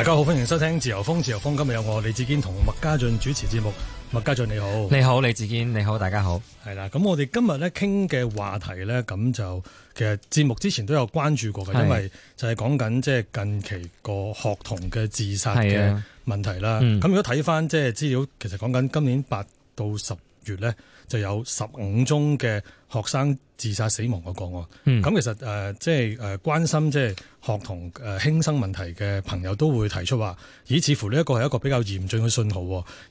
大家好，歡迎收聽《自由風》，自由風今日有我李志堅同麥家俊主持節目。麥家俊你好，你好李志堅，你好，大家好。係啦，咁我哋今日咧傾嘅話題咧，咁就其實節目之前都有關注過嘅，的因為就係講緊即係近期個學童嘅自殺嘅問題啦。咁的如果睇翻即係資料，其實講緊今年八到十月咧。就有十五宗嘅學生自殺死亡嘅個案，咁、嗯、其實誒即係誒關心即係學童誒輕生問題嘅朋友都會提出話，咦，似乎呢一個係一個比較嚴峻嘅信號，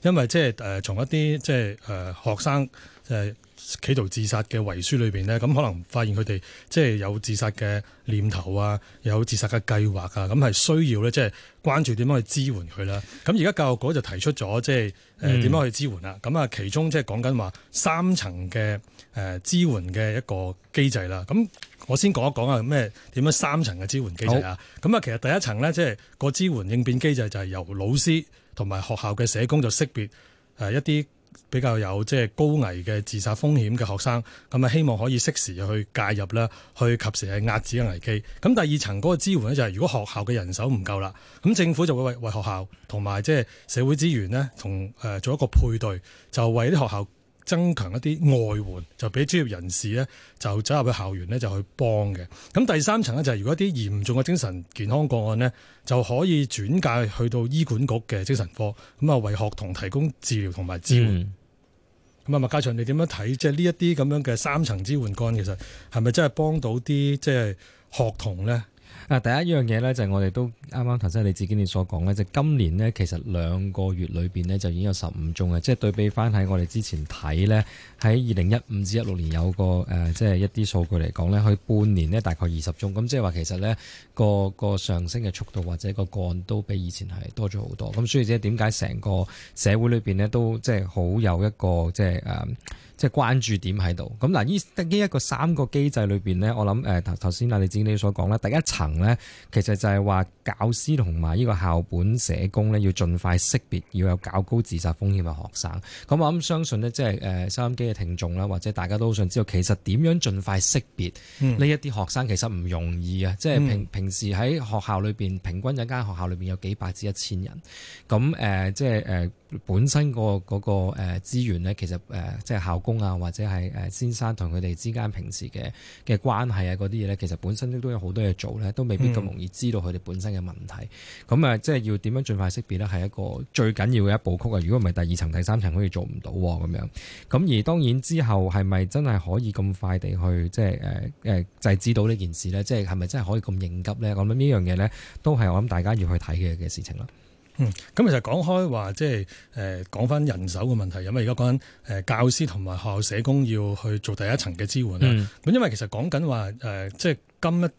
因為即係誒從一啲即係誒學生企圖自殺嘅遺書裏邊呢，咁可能發現佢哋即係有自殺嘅念頭啊，有自殺嘅計劃啊，咁係需要咧，即係關注點樣去支援佢啦。咁而家教育局就提出咗，即係誒點樣去支援啦。咁啊、嗯，其中即係講緊話三層嘅誒支援嘅一個機制啦。咁我先講一講啊，咩點樣三層嘅支援機制啊？咁啊，好其實第一層咧，即係個支援應變機制就係由老師同埋學校嘅社工就識別誒一啲，比較有即係高危嘅自殺風險嘅學生，咁啊希望可以適時去介入啦，去及時係壓止嘅危機。咁第二層嗰個支援咧，就係，就係如果學校嘅人手唔夠啦，咁政府就會為為學校同埋即係社會資源咧，同誒做一個配對，就為啲學校。增強一啲外援，就俾專業人士咧就走入去校園咧就去幫嘅。咁第三層咧就係、是、如果啲嚴重嘅精神健康個案咧，就可以轉介去到醫管局嘅精神科，咁啊為學童提供治療同埋支援。咁啊、嗯，麥家祥，你點樣睇？即係呢一啲咁樣嘅三層支援幹，其實係咪真係幫到啲即係學童咧？第一樣嘢咧就係我哋都啱啱頭先你自己你所講咧，就今年咧其實兩個月裏面咧就已經有十五宗嘅，即係對比翻喺我哋之前睇咧，喺二零一五至一六年有個誒，即係一啲數據嚟講咧，可以半年咧大概二十宗，咁即係話其實咧個個上升嘅速度或者個個案都比以前係多咗好多，咁所以即係點解成個社會裏面咧都即係好有一個即係誒即係關注點喺度，咁嗱呢一個三個機制裏邊咧，我諗誒頭頭先啊李建文你自己所講啦，第一層咧其實就係話教師同埋呢個校本社工咧，要盡快識別要有較高自殺風險嘅學生。咁我諗相信咧，即係誒收音機嘅聽眾啦，或者大家都好想知道，其實點樣盡快識別呢一啲學生其實唔容易啊，即係平、嗯、平時喺學校裏邊平均一間學校裏邊有幾百至一千人，咁誒、呃、即係誒、呃、本身、嗰個嗰、嗰個誒資源咧，其實誒、呃、即係效果。啊，或者係誒先生同佢哋之間平時嘅嘅關係啊，嗰啲嘢咧，其實本身都都有好多嘢做咧，都未必咁容易知道佢哋本身嘅問題。咁啊、嗯，即係要點樣盡快識別咧，係一個最緊要嘅一部曲啊！如果唔係，第二層、第三層可以做唔到咁樣。咁而當然之後係咪真係可以咁快地去即係誒誒制止到呢件事咧？即係係咪真係可以咁應急咧？我諗呢樣嘢咧，都係我諗大家要去睇嘅嘅事情咯。嗯，咁其實講開話，即係誒，講翻人手嘅問題，因為而家講緊誒，教師同埋學校社工要去做第一層嘅支援啦。咁、嗯、因為其實講緊話，誒，即係今一次，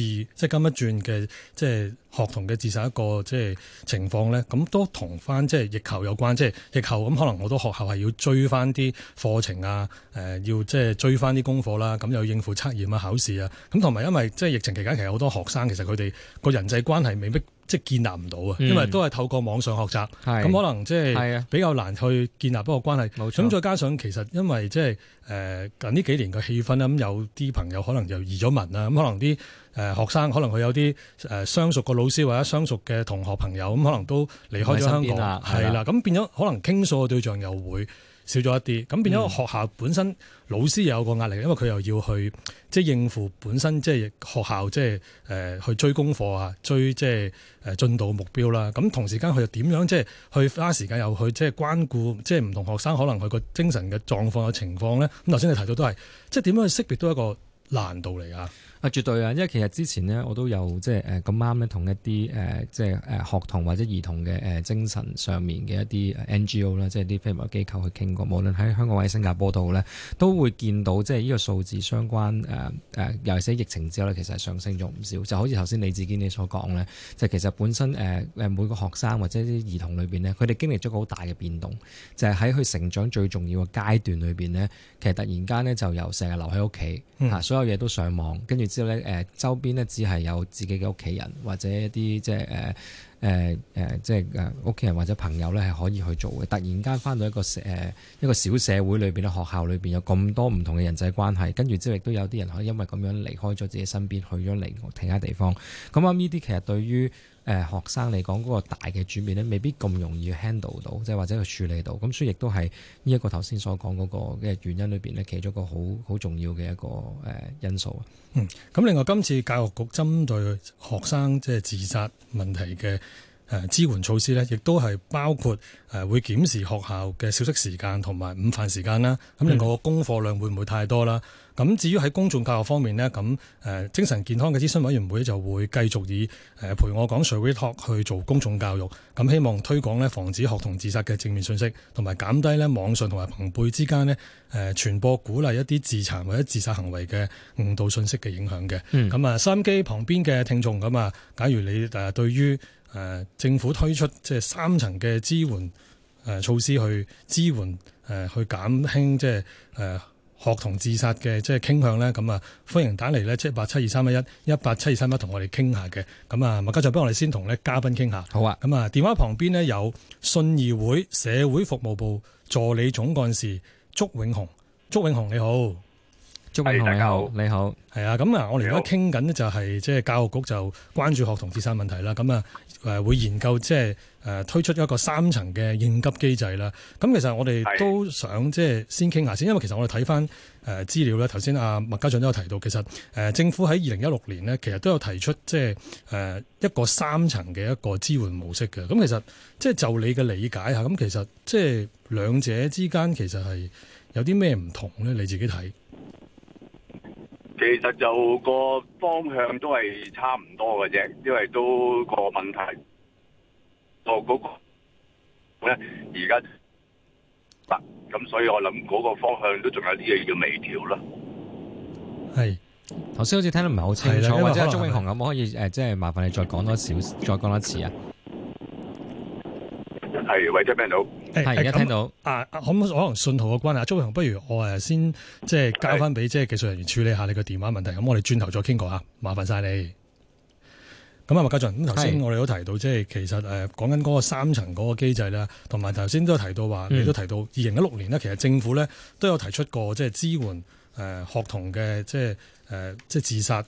即係今一轉嘅，即係學童嘅自殺一個即係情況咧，咁都同翻即係疫後有關，即係疫後咁可能好多學校係要追翻啲課程啊，誒，要即係追翻啲功課啦，咁有應付測驗啊、考試啊，咁同埋因為即係疫情期間其實好多學生其實佢哋個人際關係未必。即係建立唔到啊，嗯、因為都係透過網上學習，咁是可能即係比較難去建立嗰個關係。咁錯再加上其實因為即係誒近呢幾年嘅氣氛啦，咁有啲朋友可能就移咗民啦，咁可能啲誒學生可能佢有啲誒相熟嘅老師或者相熟嘅同學朋友，咁可能都離開咗香港，係啦，咁變咗可能傾訴嘅對象又會。少咗一啲，咁變咗學校本身、嗯、老師有一個壓力，因為佢又要去即係、就是、應付本身即係、就是、學校即係誒去追功課啊，追即係誒進度目標啦。咁同時間佢又點樣即係去花時間又去即係關顧即係唔同學生可能佢個精神嘅狀況嘅情況咧？咁頭先你提到都係即係點樣去識別都係一個難度嚟㗎。啊，絕對啊！因為其實之前咧，我都有即係誒咁啱咧，同一啲誒即係誒學童或者兒童嘅誒精神上面嘅一啲 NGO 啦，即係啲非牟利機構去傾過。無論喺香港或者新加坡度好咧，都會見到即係呢個數字相關誒誒，尤其係疫情之後咧，其實係上升咗唔少。就好似頭先李志堅你所講咧，就其實本身誒誒每個學生或者啲兒童裏邊咧，佢哋經歷咗個好大嘅變動，就係喺佢成長最重要嘅階段裏邊咧，其實突然間咧就由成日留喺屋企，所有嘢都上網跟住。之後咧，誒，周邊咧只係有自己嘅屋企人，或者一啲即係誒，誒，誒，即係誒屋企人或者朋友咧係可以去做嘅。突然間翻到一個社，誒、呃，一個小社會裏邊咧，學校裏邊有咁多唔同嘅人際關係，跟住之後亦都有啲人可以因為咁樣離開咗自己身邊，去咗另其他地方。咁啊，呢啲其實對於。誒學生嚟講嗰個大嘅轉變咧，未必咁容易 handle 到，即係或者去處理到，咁所以亦都係呢一個頭先所講嗰個嘅原因裏邊咧，其中一個好好重要嘅一個誒因素。嗯，咁另外今次教育局針對學生即係自殺問題嘅誒支援措施咧，亦都係包括誒會檢視學校嘅小息時間同埋午飯時間啦。咁另外個功課量會唔會太多啦？咁至於喺公眾教育方面呢，咁誒精神健康嘅諮詢委員會就會繼續以陪我講 Shall We Talk 去做公眾教育。咁希望推廣呢防止學童自殺嘅正面信息，同埋減低呢網上同埋朋輩之間呢誒傳播鼓勵一啲自殘或者自殺行為嘅誤導信息嘅影響嘅。咁啊、嗯，收音機旁邊嘅聽眾，咁啊，假如你誒對於政府推出即係三層嘅支援誒措施去支援誒去減輕即係誒。學童自殺嘅即係傾向呢，咁啊歡迎打嚟呢，即係八七二三一一，一八七二三一同我哋傾下嘅。咁啊，麥嘉就畀我哋先同呢嘉賓傾下。好啊，咁啊電話旁邊呢，有信義會社會服務部助理總幹事竺永洪，竺永洪你好，竺永洪你好，你好，係啊，咁啊，我哋而家傾緊呢，就係即係教育局就關注學童自殺問題啦，咁啊誒會研究即係。誒推出一個三層嘅應急機制啦，咁其實我哋都想即係先傾下先，因為其實我哋睇翻誒資料咧，頭先阿麥家長都有提到，其實誒政府喺二零一六年呢，其實都有提出即係誒一個三層嘅一個支援模式嘅。咁其實即係就你嘅理解下，咁其實即係兩者之間其實係有啲咩唔同咧？你自己睇，其實就個方向都係差唔多嘅啫，因為都個問題。哦，嗰、那個而家嗱，咁所以我諗嗰個方向都仲有啲嘢要微調啦。係是，頭先好似聽得唔係好清楚，的或者竺永洪咁可以誒，即、呃、係、就是、麻煩你再講多少，再講多次啊。係，偉仔、欸欸、聽到係而家聽到啊，咁、欸欸呃、可能信號嘅關係。竺永洪，不如我誒、呃、先即係交翻俾即係技術人員處理下你個電話問題。咁我哋轉頭再傾過嚇，麻煩晒你。咁啊，麥嘉俊，咁頭先我哋都提到，即係是其實誒講緊嗰個三層嗰個機制啦，同埋頭先都提到話，嗯、你都提到二零一六年呢，其實政府呢都有提出過即係支援學童嘅即係即係自殺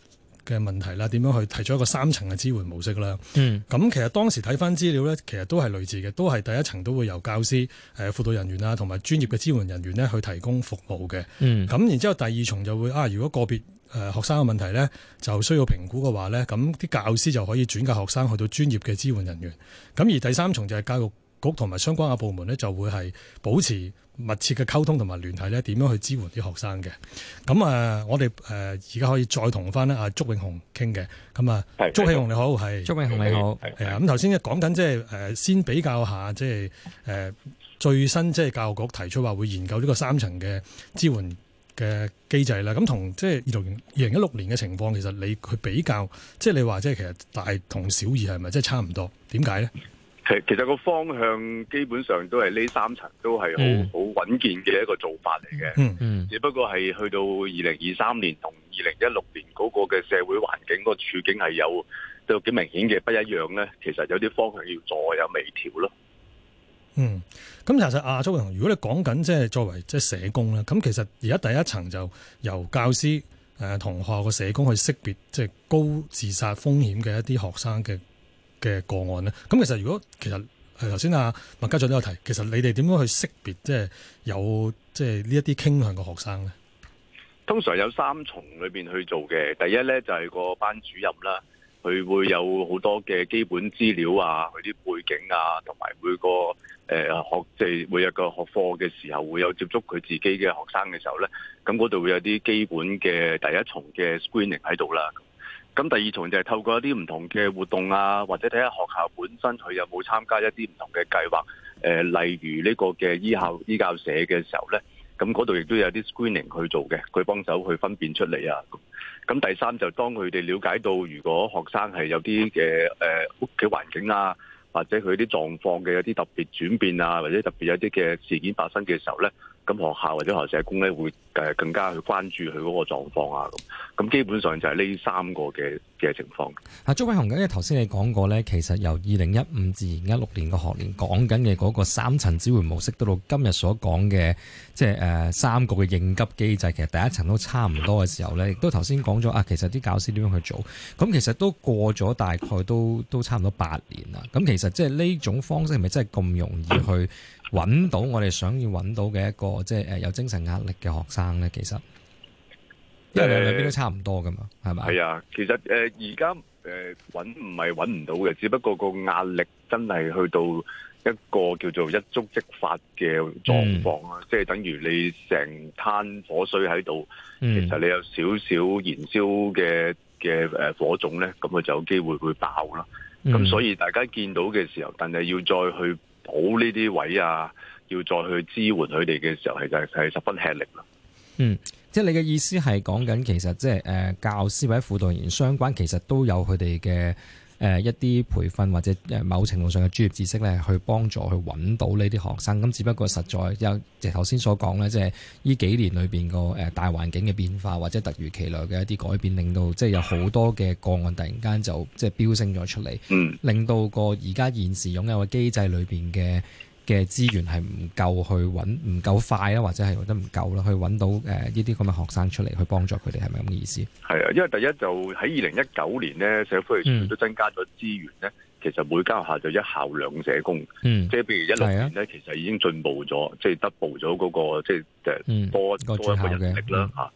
嘅問題啦，點樣去提出一個三層嘅支援模式啦。咁、嗯、其實當時睇翻資料呢，其實都係類似嘅，都係第一層都會由教師誒輔導人員啊，同埋專業嘅支援人員呢去提供服務嘅。咁、嗯、然之後第二重就會啊，如果個別誒學生嘅問題咧，就需要評估嘅話咧，咁啲教師就可以轉介學生去到專業嘅支援人員。咁而第三層就係教育局同埋相關嘅部門咧，就會係保持密切嘅溝通同埋聯繫咧，點樣去支援啲學生嘅。咁啊，我哋誒而家可以再同翻咧阿竺永洪傾嘅。咁啊，竺永洪你好，係竺永洪你好，係啊。咁頭先講緊即係先比較下即係最新即係教育局提出話會研究呢個三層嘅支援。嘅機制啦，咁同即係二零二零一六年嘅情況，其實你去比較，即係你話即係其實大同小異係咪？即係差唔多，點解呢？其實個方向基本上都係呢三層都係好好穩健嘅一個做法嚟嘅。嗯。嗯嗯，只不過係去到二零二三年同二零一六年嗰個嘅社會環境個處境係有都有幾明顯嘅不一樣呢。其實有啲方向要再有微調咯。嗯。咁其實亞洲人，如果你講緊即係作為即係社工啦，咁其實而家第一層就由教師誒同學校個社工去識別即係高自殺風險嘅一啲學生嘅嘅個案咧。咁其實如果其實頭先阿麥家俊都有提，其實你哋點樣去識別即係有即係呢一啲傾向嘅學生咧？通常有三重裏邊，去做嘅，第一咧就係個班主任啦。佢會有好多嘅基本資料啊，佢啲背景啊，同埋每個誒、呃、學即係每一個學課嘅時候，會有接觸佢自己嘅學生嘅時候咧，咁嗰度會有啲基本嘅第一重嘅 screening 喺度啦。咁第二重就係透過一啲唔同嘅活動啊，或者睇下學校本身佢有冇參加一啲唔同嘅計劃，誒、呃、例如呢個嘅醫校醫教社嘅時候咧。咁嗰度亦都有啲 screening 去做嘅，佢幫手去分辨出嚟啊。咁第三就當佢哋了解到，如果學生係有啲嘅誒屋企環境啊，或者佢啲狀況嘅有啲特別轉變啊，或者特別有啲嘅事件發生嘅時候咧。咁學校或者學社工咧，會誒更加去關注佢嗰個狀況啊咁。咁基本上就係呢三個嘅嘅情況。阿張偉雄，咁嘅頭先你講過咧，其實由二零一五至二零一六年個學年講緊嘅嗰個三層支援模式，到到今日所講嘅即係、呃、三個嘅應急機制，其實第一層都差唔多嘅時候咧，亦都頭先講咗啊。其實啲教師點樣去做？咁其實都過咗大概都都差唔多八年啦。咁其實即係呢種方式，係咪真係咁容易去？嗯揾到我哋想要揾到嘅一個即係誒有精神壓力嘅學生咧，其實因為兩邊都差唔多噶嘛，係咪、呃？係啊吧，其實誒而家誒揾唔係揾唔到嘅，只不過個壓力真係去到一個叫做一觸即發嘅狀況啊。即係、嗯、等於你成灘火水喺度，嗯、其實你有少少燃燒嘅嘅誒火種咧，咁佢就有機會會爆啦。咁、嗯、所以大家見到嘅時候，但係要再去補呢啲位啊，要再去支援佢哋嘅時候，其實係十分吃力啦。嗯，即係你嘅意思係講緊，其實即係誒教師或者輔導員相關，其實都有佢哋嘅。誒、呃、一啲培訓或者誒某程度上嘅專業知識咧，去幫助去揾到呢啲學生。咁只不過實在有，即係頭先所講咧，即係呢幾年裏面個誒大環境嘅變化，或者突如其來嘅一啲改變，令到即係有好多嘅個案突然間就即係飆升咗出嚟，令到個而家現時擁有嘅機制裏面嘅。嘅資源係唔夠去揾，唔夠快啦，或者係覺得唔夠啦，去揾到誒呢啲咁嘅學生出嚟去幫助佢哋，係咪咁嘅意思？係啊，因為第一就喺二零一九年咧，社會福利署都增加咗資源咧。嗯其實每間學校就一校兩社工，即係譬如一六年咧，啊、其實已經進步咗，即係得步咗嗰個即係、就是、多、嗯、多一個人力啦。吓，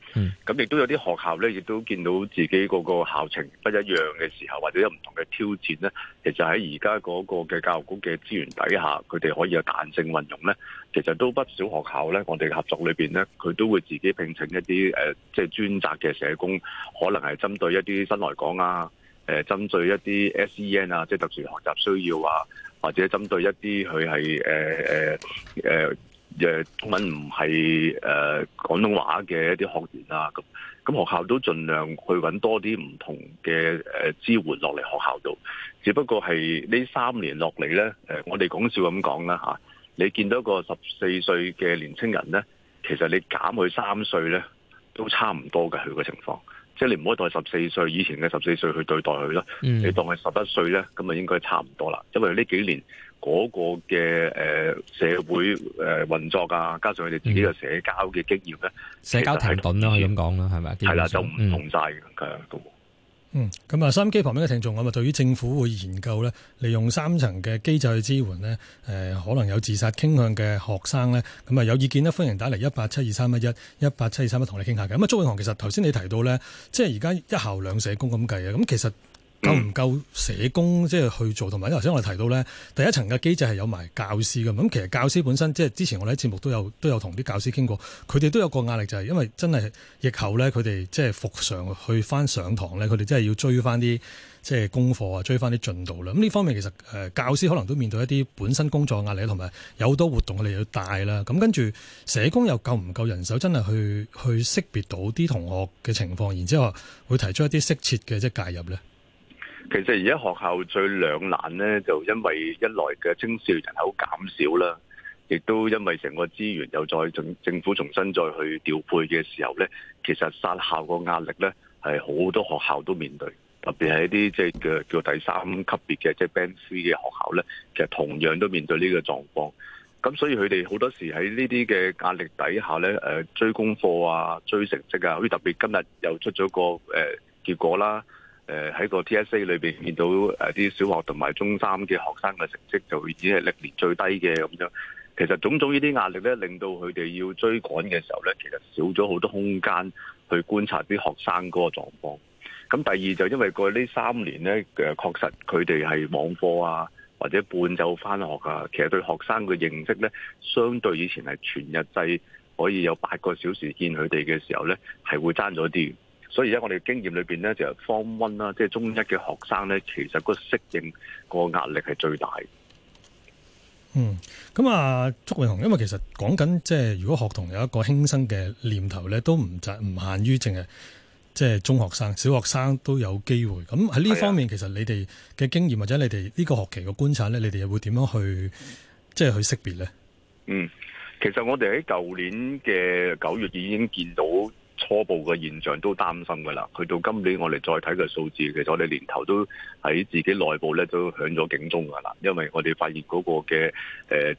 咁亦都有啲學校咧，亦都見到自己嗰個校情不一樣嘅時候，或者有唔同嘅挑戰咧。其實喺而家嗰個嘅教育局嘅資源底下，佢哋可以有彈性運用咧。其實都不少學校咧，我哋合作裏邊咧，佢都會自己聘請一啲誒，即、呃、係、就是、專責嘅社工，可能係針對一啲新來港啊。誒，針對一啲 SEN 啊，即係特殊學習需要啊，或者針對一啲佢係誒誒誒誒，中文唔係誒廣東話嘅一啲學員啊。咁咁學校都盡量去揾多啲唔同嘅誒支援落嚟學校度。只不過係呢三年落嚟咧，誒，我哋講笑咁講啦嚇，你見到個十四歲嘅年青人咧，其實你減佢三歲咧，都差唔多嘅佢個情況。即係你唔可以當係十四歲以前嘅十四歲去對待佢啦，嗯、你當係十一歲咧，咁啊應該差唔多啦。因為呢幾年嗰個嘅誒社會誒運作啊，加上佢哋自己嘅社交嘅經驗咧，嗯、社交停頓啦、啊，咁講啦，係咪？係啦，就唔同晒嘅。嗯嗯，咁啊，收音機旁邊嘅聽眾啊，咁啊，對於政府會研究呢，利用三層嘅機制去支援呢誒、呃，可能有自殺傾向嘅學生呢，咁啊，有意見呢，歡迎打嚟一八七二三一一，一八七二三一，同你傾下嘅。咁啊，竺永洪其實頭先你提到呢，即係而家一校兩社工咁計嘅，咁、嗯、其實夠唔夠社工即係去做，同埋，頭先我哋提到咧，第一層嘅機制係有埋教師嘅。咁其實教師本身即係之前我哋喺節目都有都有同啲教師傾過，佢哋都有個壓力，就係、是、因為真係疫後咧，佢哋即係復常去翻上堂咧，佢哋真係要追翻啲即係功課啊，追翻啲進度啦。咁呢方面其實，誒，教師可能都面對一啲本身工作壓力，同埋有好多活動我哋要帶啦。咁跟住社工又夠唔夠人手真去，真係去去識別到啲同學嘅情況，然之後會提出一啲適切嘅即係介入咧。其實而家學校最兩難咧，就因為一來嘅青少人口減少啦，亦都因為成個資源又再政政府重新再去調配嘅時候咧，其實殺校個壓力咧係好多學校都面對，特別係一啲即係叫叫第三級別嘅即係 Band Three 嘅學校咧，其實同樣都面對呢個狀況。咁所以佢哋好多時喺呢啲嘅壓力底下咧，誒追功課啊、追成績啊，好似特別今日又出咗個誒、呃、結果啦。誒喺個 TSA 裏邊見到誒啲小學同埋中三嘅學生嘅成績就已經係歷年最低嘅咁樣，其實種種呢啲壓力咧，令到佢哋要追趕嘅時候咧，其實少咗好多空間去觀察啲學生嗰個狀況。咁第二就因為過呢三年咧，誒確實佢哋係網課啊，或者半晝返學啊，其實對學生嘅認識咧，相對以前係全日制可以有八個小時見佢哋嘅時候咧，係會爭咗啲。所以而家我哋嘅經驗裏邊咧，就係 Form One 啦，即係中一嘅學生咧，其實個適應個壓力係最大的嗯。嗯，咁啊，竺永洪，因為其實講緊即係如果學童有一個輕生嘅念頭咧，都唔唔限於淨係即係中學生、小學生都有機會。咁喺呢方面，的其實你哋嘅經驗或者你哋呢個學期嘅觀察咧，你哋又會點樣去即係、就是、去識別咧？嗯，其實我哋喺舊年嘅九月已經見到。初步嘅現象都擔心㗎啦，去到今年我哋再睇嘅數字，其實我哋年頭都喺自己內部咧都響咗警鐘㗎啦，因為我哋發現嗰個嘅誒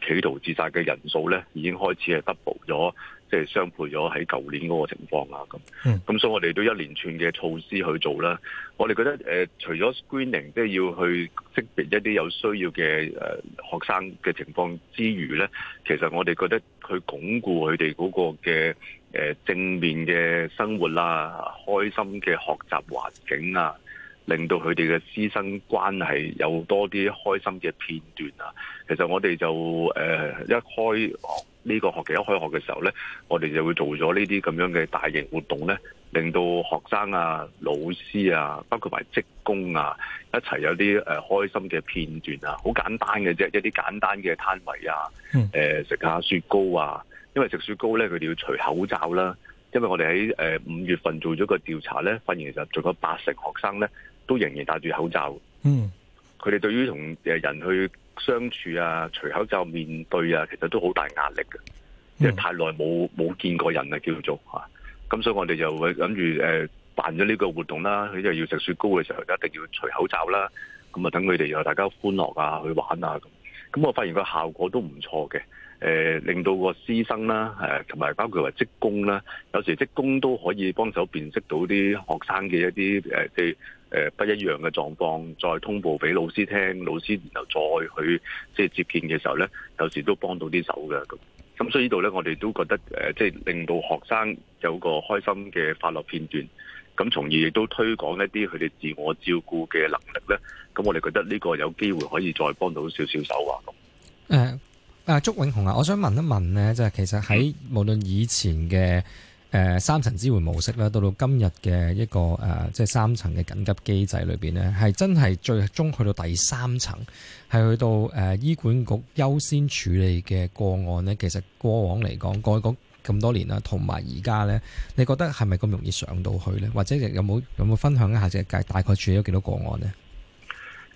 誒企圖自殺嘅人數咧已經開始係 double 咗，即係雙倍咗喺舊年嗰個情況啊咁。咁所以我哋都一連串嘅措施去做啦。我哋覺得誒、呃，除咗 screening，即係要去識別一啲有需要嘅誒、呃、學生嘅情況之餘咧，其實我哋覺得。去鞏固佢哋嗰個嘅誒正面嘅生活啦、啊，開心嘅學習環境啊，令到佢哋嘅師生關係有多啲開心嘅片段啊。其實我哋就誒一開學。呢個學期一開學嘅時候呢，我哋就會做咗呢啲咁樣嘅大型活動呢，令到學生啊、老師啊，包括埋職工啊一齊有啲誒、呃、開心嘅片段啊，好簡單嘅啫，一啲簡單嘅攤位啊，誒、呃、食下雪糕啊，因為食雪糕呢，佢哋要除口罩啦。因為我哋喺誒五月份做咗個調查呢，發現其實仲有八成學生呢都仍然戴住口罩。嗯，佢哋對於同誒人去相處啊，除口罩面對啊，其實都好大壓力嘅，因為、嗯、太耐冇冇見過人啊，叫做嚇。咁、啊、所以我哋就會諗住誒辦咗呢個活動啦。佢哋要食雪糕嘅時候，就一定要除口罩啦。咁啊，等佢哋又大家歡樂啊，去玩啊。咁，咁我發現個效果都唔錯嘅。誒、呃，令到個師生啦，誒、呃，同埋包括話職工啦，有時職工都可以幫手辨識到啲學生嘅一啲誒嘅。呃呃、不一樣嘅狀況，再通報俾老師聽，老師然後再去即係接見嘅時候呢，有時都幫到啲手嘅咁。咁所以呢度呢，我哋都覺得誒、呃，即係令到學生有個開心嘅快樂片段，咁從而亦都推廣一啲佢哋自我照顧嘅能力呢。咁我哋覺得呢個有機會可以再幫到少少手啊。咁誒、呃，阿、呃、竺永洪啊，我想問一問呢，就係其實喺無論以前嘅。誒、呃、三層支援模式咧，到到今日嘅一個誒、呃，即係三層嘅緊急機制裏邊咧，係真係最終去到第三層，係去到誒、呃、醫管局優先處理嘅個案咧。其實過往嚟講，過去咁多年啦，同埋而家呢，你覺得係咪咁容易上到去呢？或者有冇有冇分享一下只大概處理咗幾多個案呢？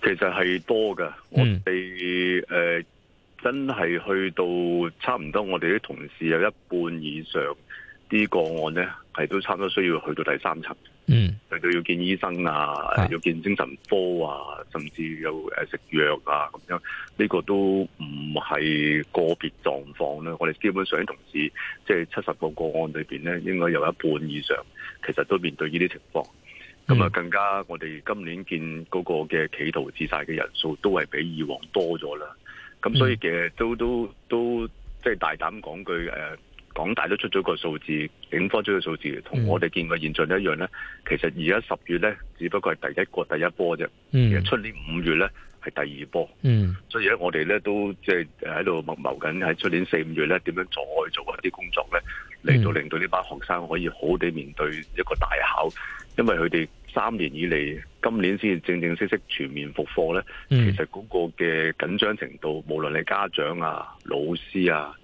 其實係多㗎，我哋誒、呃、真係去到差唔多，我哋啲同事有一半以上。啲個案咧，係都差唔多需要去到第三層，嗯，甚至要見醫生啊，啊要見精神科啊，甚至有食藥啊咁樣。呢、這個都唔係個別狀況啦。我哋基本上啲同事，即係七十個個案裏面咧，應該有一半以上，其實都面對呢啲情況。咁啊、嗯，更加我哋今年見嗰個嘅企圖自殺嘅人數，都係比以往多咗啦。咁所以其實都、嗯、都都，都即係大膽講句、呃港大都出咗個數字，警方出嘅數字同我哋見過現象一樣呢、嗯、其實而家十月呢，只不過係第一個第一波啫。嗯、其實出年五月呢，係第二波。嗯、所以咧，我哋呢都即係喺度謀謀緊，喺出年四五月呢點樣再做一啲工作呢，嚟到令到呢班學生可以好地面對一個大考。因為佢哋三年以嚟，今年先正正式式全面復課呢，其實嗰個嘅緊張程度，無論你家長啊、老師啊。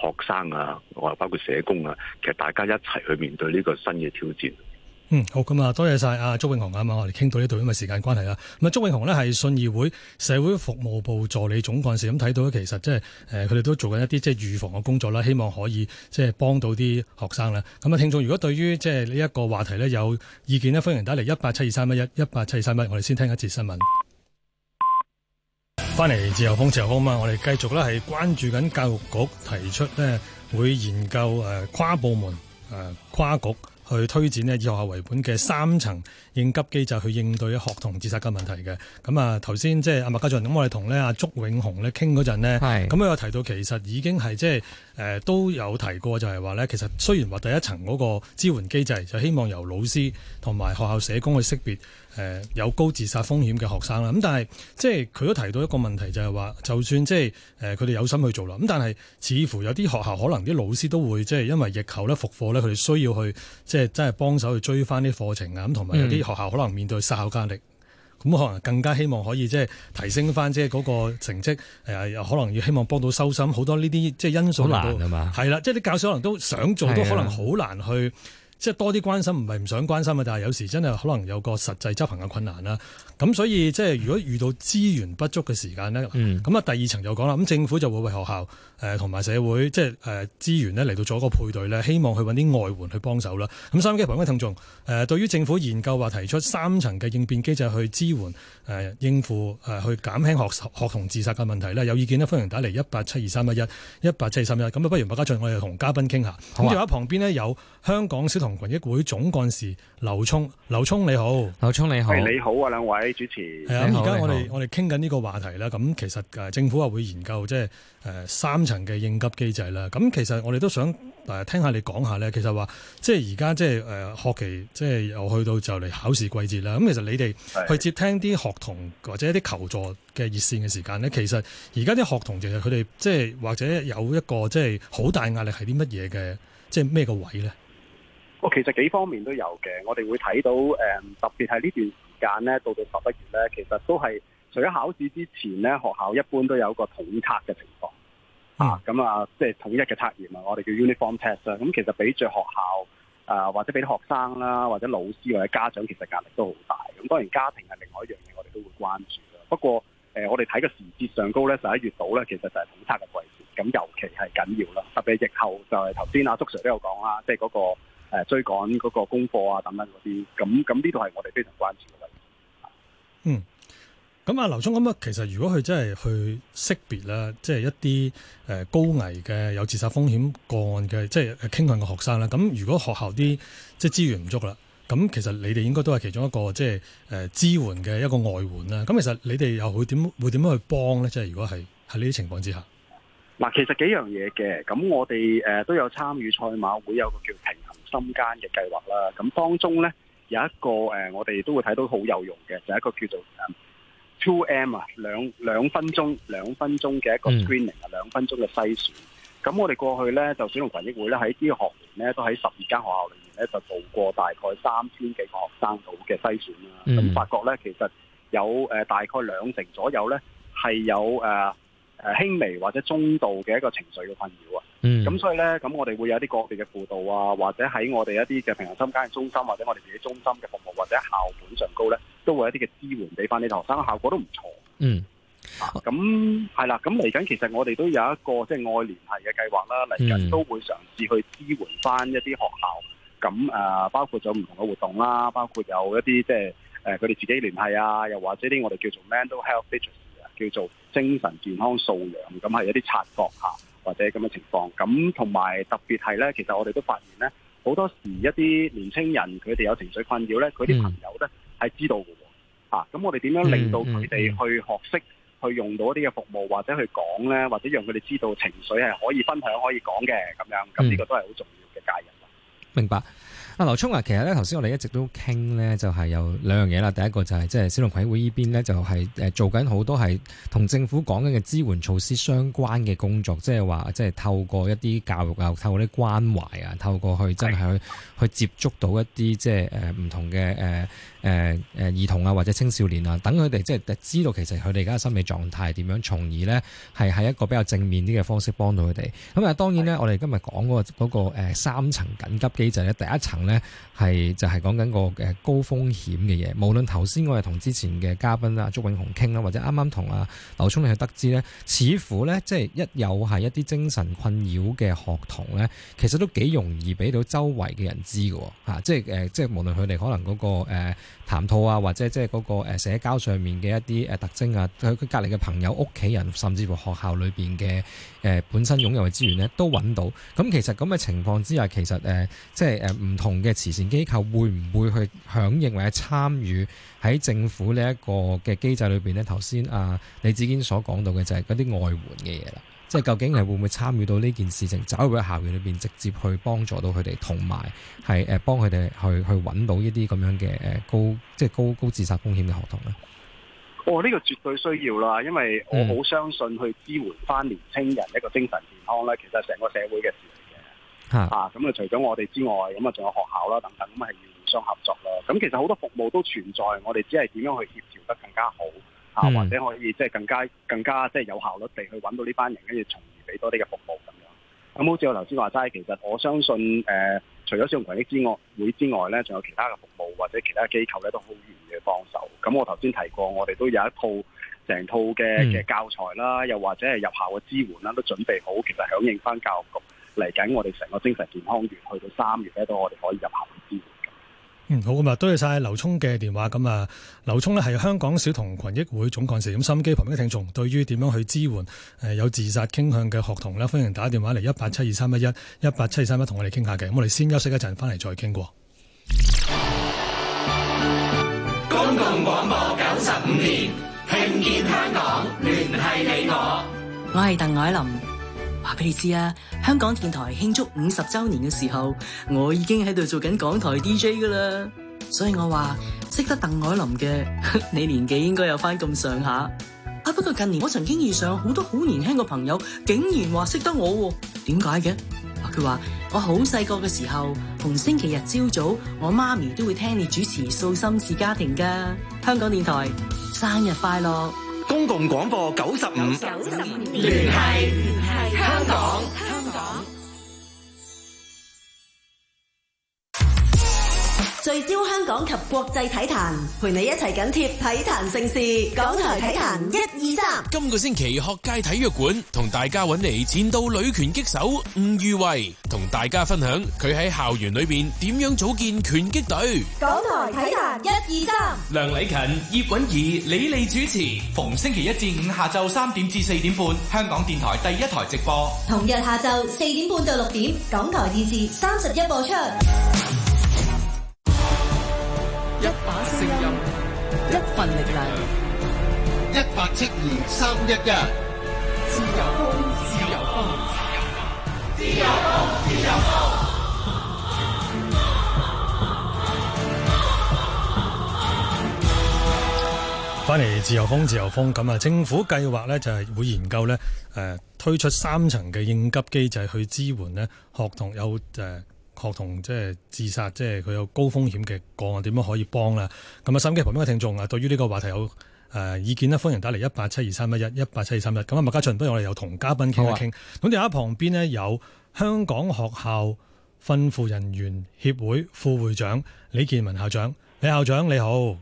學生啊，包括社工啊，其實大家一齊去面對呢個新嘅挑戰。嗯，好咁啊，多謝晒阿竺永洪。啊，咁啊，我哋傾到呢度，因為時間關係啦。咁啊，竺永洪呢係信義會社會服務部助理總幹事，咁睇到其實即係誒，佢、呃、哋都做緊一啲即係預防嘅工作啦，希望可以即係幫到啲學生啦。咁啊，聽眾如果對於即係呢一個話題呢，有意見呢，歡迎打嚟，一八七二三一一一八七二三一，1, 1, 我哋先聽一節新聞。翻嚟自由風，自由風嘛！我哋繼續咧係關注緊教育局提出咧，會研究誒跨部門誒跨局去推展呢，以學校為本嘅三層應急機制去應對學童自殺嘅問題嘅。咁啊頭先即係阿麥家俊，咁我哋同咧阿竺永洪咧傾嗰陣呢，咁佢是有提到其實已經係即係誒都有提過就，就係話咧其實雖然話第一層嗰個支援機制就希望由老師同埋學校社工去識別。誒有高自殺風險嘅學生啦，咁但係即係佢都提到一個問題就，就係話就算即係佢哋有心去做啦，咁但係似乎有啲學校可能啲老師都會即係因為疫後咧復課咧，佢哋需要去即係真係幫手去追翻啲課程啊，咁同埋有啲學校可能面對殺校壓力，咁可能更加希望可以即係提升翻即係嗰個成績，可能要希望幫到收心，好多呢啲即係因素都好難係嘛，係啦，即係啲教授可能都想做，都可能好難去。即係多啲關心，唔係唔想關心啊！但係有時真係可能有個實際執行嘅困難啦。咁所以即係如果遇到資源不足嘅時間呢，咁啊、嗯、第二層就講啦，咁政府就會為學校同埋社會即係誒資源呢嚟到咗個個配對呢希望去搵啲外援去幫手啦。咁收音機旁邊嘅聽眾誒，對於政府研究話提出三層嘅應變機制去支援誒應付誒去減輕學學童自殺嘅問題呢，有意見呢，歡迎打嚟一八七二三一一一八七二三一。咁啊，不如麥家俊，我哋同嘉賓傾下。咁仲喺旁邊呢？有。香港小童群益會總幹事劉翀，劉翀你好，劉翀你好，係你好啊，兩位主持，係啊，而家我哋我哋傾緊呢個話題啦。咁其實誒，政府啊會研究即係誒、呃、三層嘅應急機制啦。咁其實我哋都想誒聽下你講下咧。其實話即係而家即係誒學期即係又去到就嚟考試季節啦。咁其實你哋去接聽啲學童或者一啲求助嘅熱線嘅時間咧，其實而家啲學童其實佢哋即係或者有一個即係好大壓力係啲乜嘢嘅，即係咩個位咧？其實幾方面都有嘅，我哋會睇到誒，特別係呢段時間咧，到到十一月咧，其實都係除咗考試之前咧，學校一般都有個統測嘅情況啊。咁啊，即係統一嘅測驗啊，我哋叫 uniform test 啊。咁其實俾着學校啊，或者俾啲學生啦，或者老師或者家長，其實壓力都好大。咁當然家庭係另外一樣嘢，我哋都會關注嘅。不過誒、呃，我哋睇嘅時節上高咧，十一月到咧，其實就係統測嘅季節，咁尤其係緊要啦。特別疫後就係頭先阿竺 Sir 都有講啦，即係嗰個。追趕嗰個功課啊，等等嗰啲，咁咁呢度係我哋非常關注嘅問題。嗯，咁阿劉翀，咁啊，其實如果佢真係去識別啦，即係一啲誒高危嘅有自殺風險個案嘅，即係傾向嘅學生啦。咁如果學校啲即係資源唔足啦，咁其實你哋應該都係其中一個即係誒支援嘅一個外援啦。咁其實你哋又會點會點樣去幫咧？即係如果係喺呢啲情況之下，嗱，其實幾樣嘢嘅。咁我哋誒都有參與賽馬會有個叫評心間嘅計劃啦，咁當中呢，有一個誒、呃，我哋都會睇到好有用嘅，就係、是、一個叫做 Two M 啊，兩兩分鐘、兩分鐘嘅一個 screening 啊、嗯，兩分鐘嘅篩選。咁我哋過去呢，就小童群益會呢，喺呢個學年呢，都喺十二間學校裏面呢，就做過大概三千幾個學生度嘅篩選啦。咁發覺呢，其實有誒、呃、大概兩成左右呢，係有誒誒、呃、輕微或者中度嘅一個情緒嘅困擾啊。咁、嗯、所以咧，咁我哋會有一啲各地嘅輔導啊，或者喺我哋一啲嘅平衡心間中心，或者我哋自己的中心嘅服務，或者校本上高咧，都會有一啲嘅支援俾翻啲學生，效果都唔錯。嗯，咁係啦，咁嚟緊其實我哋都有一個即係、就是、愛聯繫嘅計劃啦，嚟緊都會嘗試去支援翻一啲學校。咁誒、呃，包括咗唔同嘅活動啦，包括有一啲即係誒，佢、就、哋、是呃、自己聯繫啊，又或者啲我哋叫做 mental health literacy 啊，叫做精神健康素養，咁係一啲察覺吓。或者咁嘅情況，咁同埋特別係呢，其實我哋都發現呢，好多時一啲年青人佢哋有情緒困擾呢，佢啲朋友呢係、嗯、知道嘅喎，啊，咁我哋點樣令到佢哋去學識、嗯、去用到一啲嘅服務，或者去講呢，或者讓佢哋知道情緒係可以分享、可以講嘅咁樣，咁呢個都係好重要嘅介入、嗯。明白。啊，劉聰啊，其實咧，頭先我哋一直都傾咧，就係、是、有兩樣嘢啦。第一個就係即係小龍葵會邊呢邊咧，就係、是、做緊好多係同政府講緊嘅支援措施相關嘅工作，即係話即係透過一啲教育啊，透過啲關懷啊，透過去真係去去接觸到一啲即係誒唔同嘅誒。呃誒誒兒童啊，或者青少年啊，等佢哋即係知道其實佢哋而家嘅心理狀態點樣，從而呢係喺一個比較正面啲嘅方式幫到佢哋。咁啊，當然呢，我哋今日講嗰個嗰三層緊急機制呢，第一層呢係就係講緊個誒高風險嘅嘢。無論頭先我哋同之前嘅嘉賓啊，竺永洪傾啦，或者啱啱同啊劉翀去得知呢，似乎呢即係一有係一啲精神困擾嘅學童呢，其實都幾容易俾到周圍嘅人知㗎吓，即係即係無論佢哋可能嗰、那個、呃談吐啊，或者即係嗰個、呃、社交上面嘅一啲誒、呃、特徵啊，佢佢隔離嘅朋友、屋企人，甚至乎學校裏邊嘅誒本身擁有嘅資源呢，都揾到。咁其實咁嘅情況之下，其實誒即係誒唔同嘅慈善機構會唔會去響應或者參與喺政府呢一個嘅機制裏邊呢？頭先啊李建文所講到嘅就係嗰啲外援嘅嘢啦。即係究竟係會唔會參與到呢件事情，走入去校園裏邊，直接去幫助到佢哋，同埋係誒幫佢哋去去揾到一啲咁樣嘅誒高即係高高自殺風險嘅學童咧？哦，呢、呢個絕對需要啦，因為我好相信去支援翻年青人一個精神健康咧，其實係成個社會嘅事嚟嘅。啊，咁啊除咗我哋之外，咁啊仲有學校啦等等，咁係要互相合作啦。咁其實好多服務都存在，我哋只係點樣去協調得更加好。啊，或者可以即係更加更加即係有效率地去揾到呢班人，跟住從而俾多啲嘅服務咁樣。咁好似我頭先話齋，其實我相信誒、呃，除咗小童群益會之外咧，仲有其他嘅服務或者其他嘅機構咧，都好願意幫手。咁我頭先提過，我哋都有一套成套嘅嘅教材啦，又或者係入校嘅支援啦，都準備好，其實響應翻教育局嚟緊，來我哋成個精神健康月去到三月咧，都我哋可以入校嘅支援。嗯，好咁啊，多謝晒劉翀嘅電話。咁啊，劉翀呢係香港小童群益會總幹事。咁心機旁邊嘅聽眾，對於點樣去支援誒有自殺傾向嘅學童呢，歡迎打電話嚟一八七二三一一一八七二三一，同我哋傾下偈。咁我哋先休息一陣，翻嚟再傾過。公共廣播九十五年，聽見香港，聯繫你我。我係鄧凱林。話俾你知啊，香港電台慶祝五十周年嘅時候，我已經喺度做緊港台 DJ 噶啦，所以我話識得鄧海琳嘅，你年紀應該有翻咁上下。啊，不過近年我曾經遇上好多好年輕嘅朋友，竟然話識得我，點解嘅？佢話我好細個嘅時候，逢星期日朝早，我媽咪都會聽你主持《訴心事家庭》噶。香港電台生日快樂！公共廣播九十五，聯繫聯繫香港香港。香港聚焦香港及國際體壇，陪你一齊緊貼體壇盛事。港台體壇一二三。今個星期學界體育館同大家揾嚟前度女拳擊手吳玉慧，同大家分享佢喺校園裏邊點樣組建拳擊隊。港台體壇一二三。梁禮勤、葉韻儀、李麗主持。逢星期一至五下晝三點至四點半，香港電台第一台直播。同日下晝四點半到六點，港台電視三十一播出。一把聲音，一份力量，一八七二三一一自。自由風，自由風，自由風，自由風。翻嚟 自由風，自由風。咁啊，政府計劃呢就係會研究呢，誒、呃，推出三層嘅應急機制去支援呢學童有誒。呃學同即係自殺，即係佢有高風險嘅個案，點樣可以幫啦？咁啊，收音機旁邊嘅聽眾啊，對於呢個話題有誒意見呢，歡迎打嚟一八七二三一一，一八七二三一。咁啊，麥嘉俊，不如我哋又同嘉賓傾一傾。咁電話旁邊呢，有香港學校訓輔人員協會副會長李建文校長，李校長你好。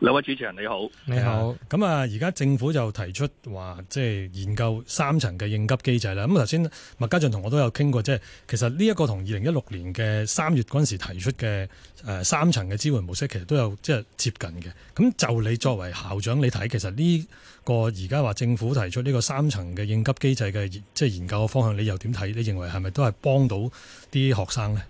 兩位主持人你好，你好。咁啊好，而家政府就提出話，即係研究三層嘅應急機制啦。咁頭先麥家俊同我都有傾過，即係其實呢一個同二零一六年嘅三月嗰陣時提出嘅誒三層嘅支援模式，其實都有即係接近嘅。咁就你作為校長，你睇其實呢個而家話政府提出呢個三層嘅應急機制嘅即係研究嘅方向，你又點睇？你認為係咪都係幫到啲學生呢？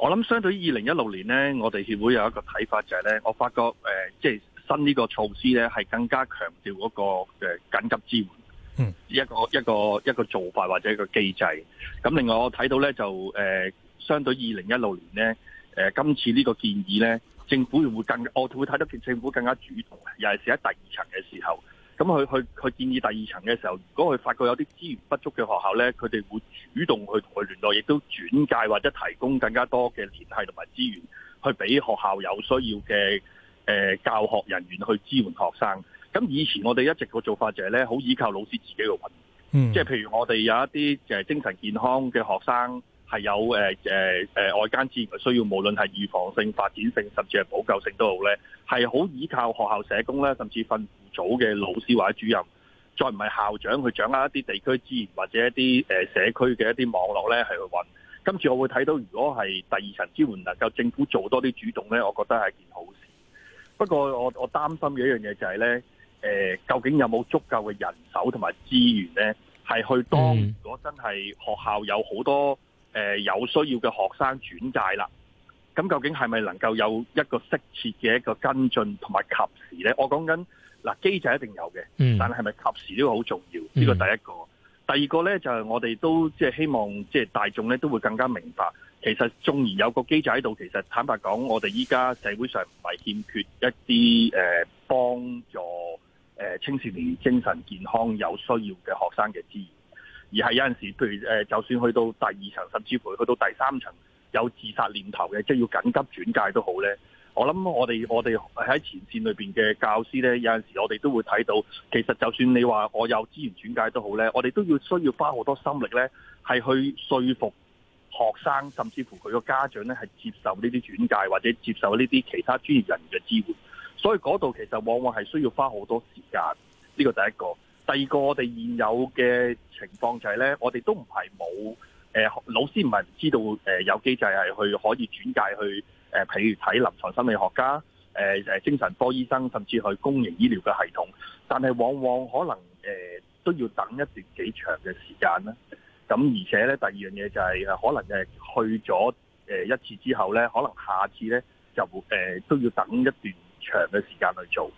我諗相對於二零一六年呢，我哋協會有一個睇法就係呢。我發覺誒，即、呃、係、就是、新呢個措施呢，係更加強調嗰個誒緊急支援一、嗯一，一個一個一個做法或者一個機制。咁另外我睇到呢，就誒、呃，相對二零一六年呢，誒、呃、今次呢個建議呢，政府會更，我會睇得見政府更加主動，尤其是喺第二層嘅時候。咁佢去佢建議第二層嘅時候，如果佢發覺有啲資源不足嘅學校呢，佢哋會主動去同佢聯絡，亦都轉介或者提供更加多嘅聯繫同埋資源，去俾學校有需要嘅誒教學人員去支援學生。咁以前我哋一直個做法就係呢：好依靠老師自己去揾，即係、嗯、譬如我哋有一啲精神健康嘅學生。係有、呃呃呃、外間資源嘅需要，無論係預防性、發展性，甚至係補救性都好咧，係好依靠學校社工咧，甚至訓輔組嘅老師或者主任，再唔係校長去掌握一啲地區資源或者一啲、呃、社區嘅一啲網絡咧，係去揾。今次，我會睇到，如果係第二層支援能夠政府做多啲主動咧，我覺得係件好事。不過我我擔心嘅一樣嘢就係、是、咧、呃，究竟有冇足夠嘅人手同埋資源咧，係去當如果真係學校有好多。誒、呃，有需要嘅學生轉介啦，咁究竟係咪能夠有一個適切嘅一個跟進同埋及時呢？我講緊嗱，機制一定有嘅，嗯、但係咪及時都好重要，呢個、嗯、第一個。第二個呢，就係我哋都即係希望，即係大眾呢都會更加明白，其實縱然有個機制喺度，其實坦白講，我哋依家社會上唔係欠缺一啲誒幫助，誒青少年精神健康有需要嘅學生嘅支援。而係有陣時，譬如誒，就算去到第二層，甚至乎去到第三層有自殺念頭嘅，即係要緊急轉介都好咧。我諗我哋我哋喺前線裏邊嘅教師咧，有陣時我哋都會睇到，其實就算你話我有資源轉介都好咧，我哋都要需要花好多心力咧，係去說服學生，甚至乎佢個家長咧，係接受呢啲轉介或者接受呢啲其他專業人員嘅支援。所以嗰度其實往往係需要花好多時間。呢個，第一個。第二個我哋現有嘅情況就係咧，我哋都唔係冇誒老師唔係唔知道誒有機制係去可以轉介去誒，譬如睇臨床心理學家、誒誒精神科醫生，甚至去公營醫療嘅系統。但係往往可能誒都要等一段幾長嘅時間啦。咁而且咧，第二樣嘢就係誒可能去咗誒一次之後咧，可能下次咧就誒都要等一段長嘅時間去做。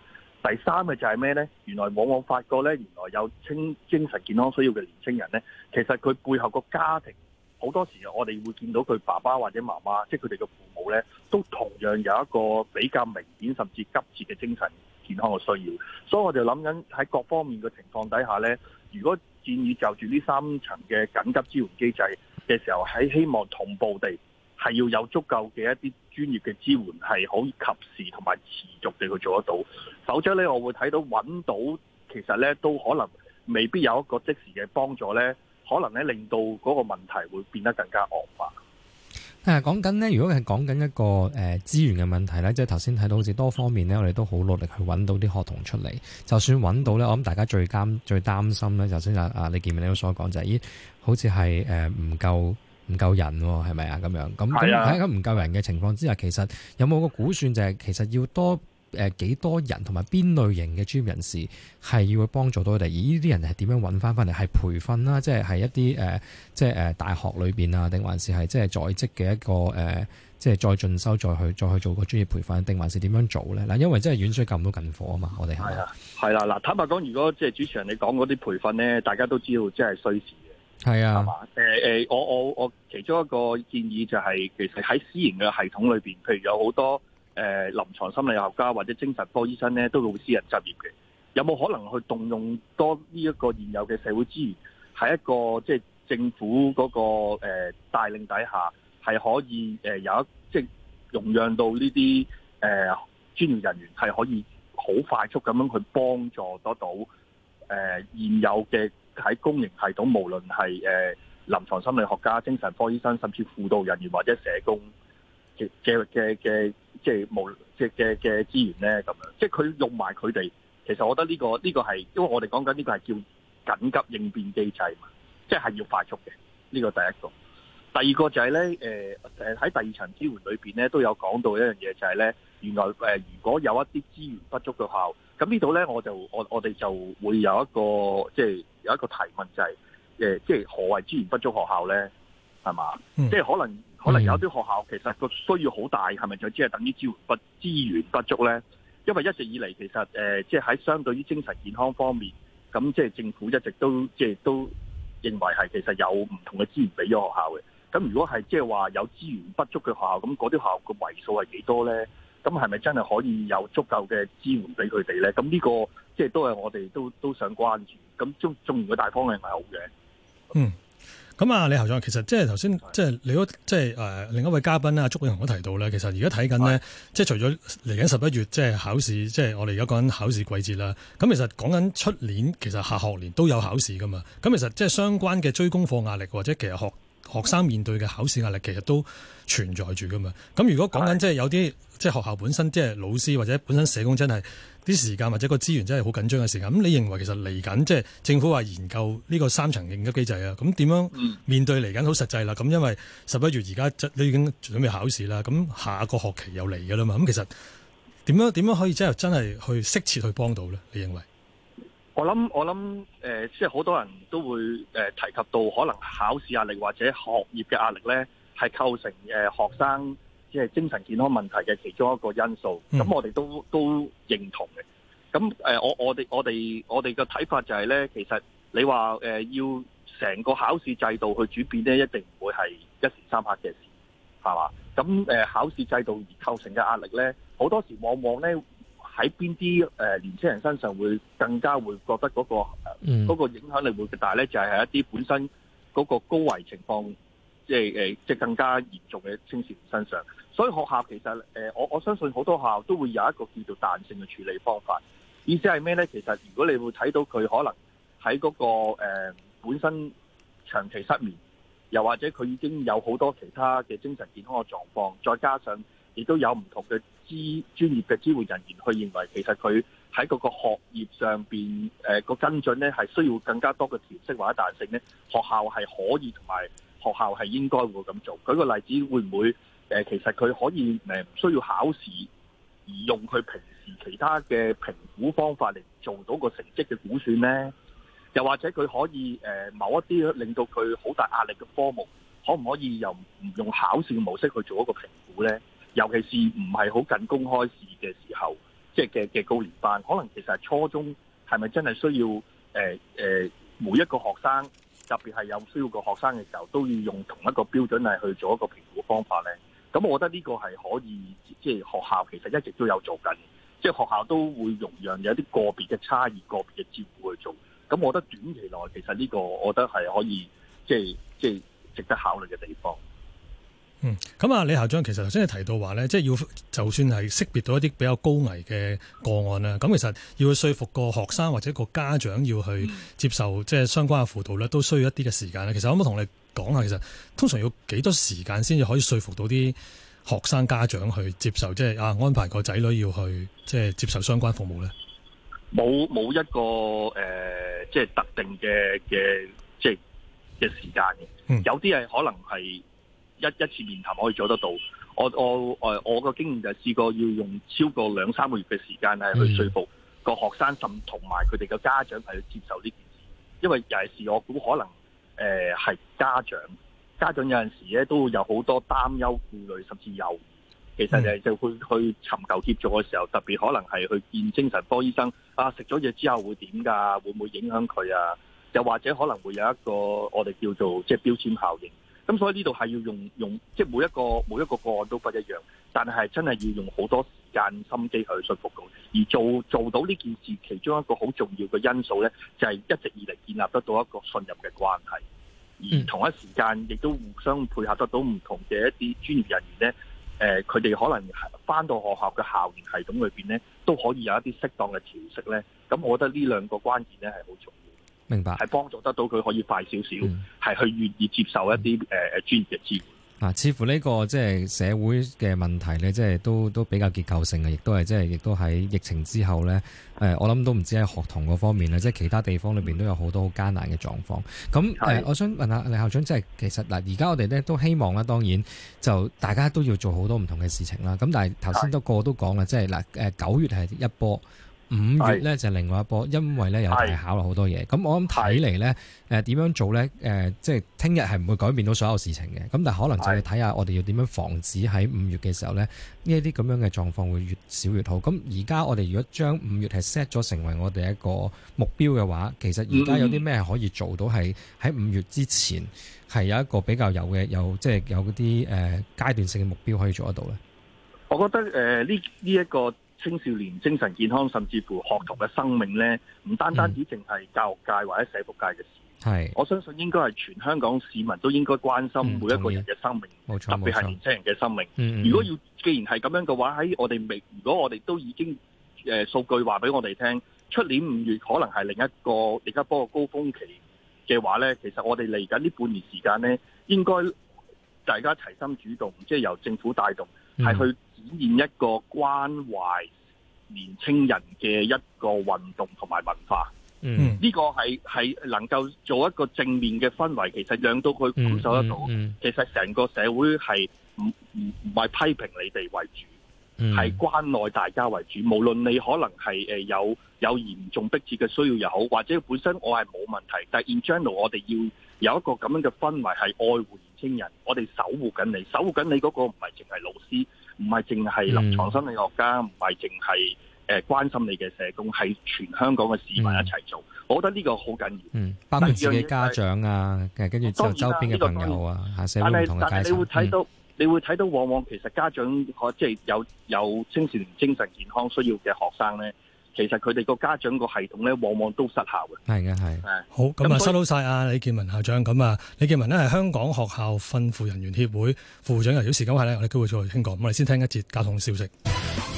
第三個就係咩呢？原來往往發覺呢，原來有清精神健康需要嘅年青人呢，其實佢背後個家庭好多時候，我哋會見到佢爸爸或者媽媽，即係佢哋嘅父母呢，都同樣有一個比較明顯甚至急切嘅精神健康嘅需要。所以我就諗緊喺各方面嘅情況底下呢，如果建議就住呢三層嘅緊急支援機制嘅時候，喺希望同步地，係要有足夠嘅一啲專業嘅支援，係可以及時同埋持續地去做得到。否則呢，我會睇到揾到其實呢都可能未必有一個即時嘅幫助呢，可能呢令到嗰個問題會變得更加惡化。誒、啊，講緊咧，如果係講緊一個誒、呃、資源嘅問題呢，即係頭先睇到好似多方面呢，我哋都好努力去揾到啲學童出嚟。就算揾到呢，我諗大家最擔最擔心呢，頭先阿阿李建文你都所講就係、是，咦、呃，好似係誒唔夠。唔夠人喎，係咪啊？咁、啊、樣咁咁喺唔夠人嘅情況之下，其實有冇個估算，就係其實要多誒、呃、幾多人，同埋邊類型嘅專業人士係要去幫助到佢哋？而呢啲人係點樣搵翻翻嚟？係培訓啦、啊，即係係一啲誒、呃，即係誒大學裏邊啊，定還是係即係在職嘅一個誒、呃，即係再進修，再去再去做個專業培訓、啊，定還是點樣做咧？嗱，因為真係遠水救唔到近火啊嘛，我哋係啊，係啦吧，嗱、啊，坦白講，如果即係主持人你講嗰啲培訓咧，大家都知道，即係需係啊，係嘛？誒誒、欸，我我我其中一個建議就係、是，其實喺私營嘅系統裏邊，譬如有好多誒、呃、臨床心理學家或者精神科醫生咧，都會私人執業嘅。有冇可能去動用多呢一個現有嘅社會資源，係一個即係、就是、政府嗰、那個誒帶領底下，係可以誒、呃、有一即係容讓到呢啲誒專業人員係可以好快速咁樣去幫助得到誒、呃、現有嘅。喺公營系統，無論係誒臨床心理學家、精神科醫生，甚至輔導人員或者社工嘅嘅嘅即係無嘅嘅資源咧，咁樣即係佢用埋佢哋。其實我覺得呢個呢個係，因為我哋講緊呢個係叫緊急應變機制嘛，即係要快速嘅呢個第一個。第二個就係咧，誒誒喺第二層支援裏邊咧，都有講到一樣嘢，就係咧，原來誒如果有一啲資源不足嘅學校。咁呢度咧，我就我我哋就會有一個即係、就是、有一個提問，就係即係何為資源不足學校咧？係嘛？即係、嗯、可能可能有啲學校其實個需要好大，係咪就即係等於資源不資源不足咧？因為一直以嚟其實即係喺相對於精神健康方面，咁即係政府一直都即係、就是、都認為係其實有唔同嘅資源俾咗學校嘅。咁如果係即係話有資源不足嘅學校，咁嗰啲學校嘅為數係幾多咧？咁係咪真係可以有足夠嘅支援俾佢哋咧？咁呢個即係都係我哋都都想關注。咁中中原嘅大方向係好嘅。嗯。咁啊，李校長，其實即係頭先，即係你果即係另一位嘉賓啊，竺永洪都提到咧，其實而家睇緊呢，即係是的 除咗嚟緊十一月即係、就是、考試，即、就、係、是、我哋而家講緊考試季節啦。咁其實講緊出年，其實下學年都有考試噶嘛。咁其實即係相關嘅追功課壓力或者其實學。學生面對嘅考試壓力其實都存在住噶嘛，咁如果講緊即係有啲即係學校本身即係老師或者本身社工真係啲時間或者個資源真係好緊張嘅時間，咁你認為其實嚟緊即係政府話研究呢個三層應急機制啊，咁點樣面對嚟緊好實際啦？咁因為十一月而家你已經準備考試啦，咁下個學期又嚟噶啦嘛，咁其實點樣點樣可以即係真係去適切去幫到呢？你認為？我諗我諗，誒、呃，即係好多人都會誒、呃、提及到，可能考試壓力或者學業嘅壓力咧，係構成誒、呃、學生即係精神健康問題嘅其中一個因素。咁我哋都都認同嘅。咁誒、呃，我我哋我哋我哋嘅睇法就係咧，其實你話誒、呃、要成個考試制度去轉變咧，一定唔會係一時三刻嘅事，係嘛？咁誒、呃，考試制度而構成嘅壓力咧，好多時往往咧。喺邊啲年青人身上會更加會覺得嗰個影響力會大咧？就係喺一啲本身嗰個高危情況，即係即係更加嚴重嘅青少年身上。所以學校其實我我相信好多學校都會有一個叫做彈性嘅處理方法。意思係咩咧？其實如果你會睇到佢可能喺嗰個本身長期失眠，又或者佢已經有好多其他嘅精神健康嘅狀況，再加上。亦都有唔同嘅資專業嘅支援人員去認為，其實佢喺嗰個學業上邊，誒個跟進咧係需要更加多嘅調適或者彈性咧。學校係可以同埋學校係應該會咁做。舉個例子，會唔會誒其實佢可以誒唔需要考試，而用佢平時其他嘅評估方法嚟做到個成績嘅估算咧？又或者佢可以誒某一啲令到佢好大壓力嘅科目，可唔可以又唔用考試嘅模式去做一個評估咧？尤其是唔係好近公開試嘅時候，即係嘅嘅高年班，可能其實初中係咪真係需要誒誒、欸欸、每一個學生，特別係有需要個學生嘅時候，都要用同一個標準嚟去做一個評估方法咧？咁我覺得呢個係可以即係、即係、學校其實一直都有做緊，即、就、係、是、學校都會容讓有一啲個別嘅差異、個別嘅照顧去做。咁我覺得短期內其實呢個我覺得係可以即係即係值得考慮嘅地方。嗯，咁啊，李校長其實頭先你提到話咧，即係要就算係識別到一啲比較高危嘅個案啦，咁其實要去說服個學生或者個家長要去接受即係相關嘅輔導咧，都需要一啲嘅時間咧。其實可唔可以同你講下，其實通常要幾多時間先至可以說服到啲學生家長去接受，即係啊安排個仔女要去即係接受相關服務咧？冇冇一個、呃、即係特定嘅嘅即係嘅時間嘅，有啲係可能係。一一次面談可以做得到，我我誒我個經驗就係試過要用超過兩三個月嘅時間係去說服個學生，甚至同埋佢哋嘅家長係去接受呢件事，因為尤其係我估可能誒係、呃、家長，家長有陣時咧都會有好多擔憂顧慮，甚至有其實就就去去尋求協助嘅時候，特別可能係去見精神科醫生啊，食咗嘢之後會點㗎？會唔會影響佢啊？又或者可能會有一個我哋叫做即係標籤效應。咁所以呢度係要用用，即係每一個每一個個案都不一樣，但係真係要用好多時間心機去說服到，而做做到呢件事，其中一個好重要嘅因素咧，就係一直以嚟建立得到一個信任嘅關係，而同一時間亦都互相配合得到唔同嘅一啲專業人員咧，誒，佢哋可能翻到學校嘅校園系統裏邊咧，都可以有一啲適當嘅調適咧，咁我覺得呢兩個關鍵咧係好重要。明白，係幫助得到佢可以快少少，係，嗯，去願意接受一啲誒專業嘅支援。似乎呢個即係社會嘅問題咧，即係都都比較結構性嘅，亦都係即係亦都喺疫情之後咧。誒，我諗都唔知喺學童嗰方面啦，即係其他地方裏邊都有好多好艱難嘅狀況。咁誒，呃，我想問下李校長，即係其實嗱，而家我哋咧都希望啦，當然就大家都要做好多唔同嘅事情啦。咁但係頭先都個個都講啦，即係嗱誒，九月係一波。五月咧就另外一波，是因為咧有大考了好多嘢。咁是我諗睇嚟咧，誒點是、呃、樣做咧？誒、呃，即係聽日係唔會改變到所有事情嘅。咁但係可能就係睇下我哋要點樣防止喺五月嘅時候咧，呢一啲咁樣嘅狀況會越少越好。咁而家我哋如果將五月係 set 咗成為我哋一個目標嘅話，其實而家有啲咩可以做到係喺五月之前，係有一個比較有嘅，有即係有啲誒階段性嘅目標可以做得到咧。我覺得誒呢呢一個，青少年精神健康，甚至乎學童嘅生命咧，唔單單只淨係教育界或者社福界嘅事。嗯、我相信應該係全香港市民都應該關心每一個人嘅生命，特別係年輕人嘅生命。嗯嗯、如果要既然係咁樣嘅話，喺我哋未，如果我哋都已經誒、呃、數據話俾我哋聽，出年五月可能係另一個而家波嘅高峰期嘅話咧，其實我哋嚟緊呢半年時間咧，應該大家齊心主動，即係由政府帶動，係、嗯、去。展現一個關懷年青人嘅一個運動同埋文化，嗯、mm，呢、hmm. 個係係能夠做一個正面嘅氛圍，其實讓到佢感受得到，mm hmm. 其實成個社會係唔唔係批評你哋為主，係、mm hmm. 關愛大家為主。無論你可能係誒有有嚴重迫切嘅需要又好，或者本身我係冇問題，但係 in general 我哋要有一個咁樣嘅氛圍係愛護。人，我哋守護緊你，守護緊你嗰個唔係淨係老師，唔係淨係臨床心理學家，唔係淨係誒關心你嘅社工，係全香港嘅市民一齊做。我覺得呢個好緊要。嗯，包括自己的家長啊，跟住就是，周邊嘅朋友啊，這個，但係但係你會睇到，嗯、你會睇到，往往其實家長可即係有有青少年精神健康需要嘅學生咧。其實佢哋個家長個系統咧，往往都失效嘅。係嘅，係。係的好咁啊，就收到晒啊李建文校長。咁啊，李建文呢係香港學校訓輔人員協會副會長。由於時間關係咧，我哋機會再傾過。咁我哋先聽一節交通消息。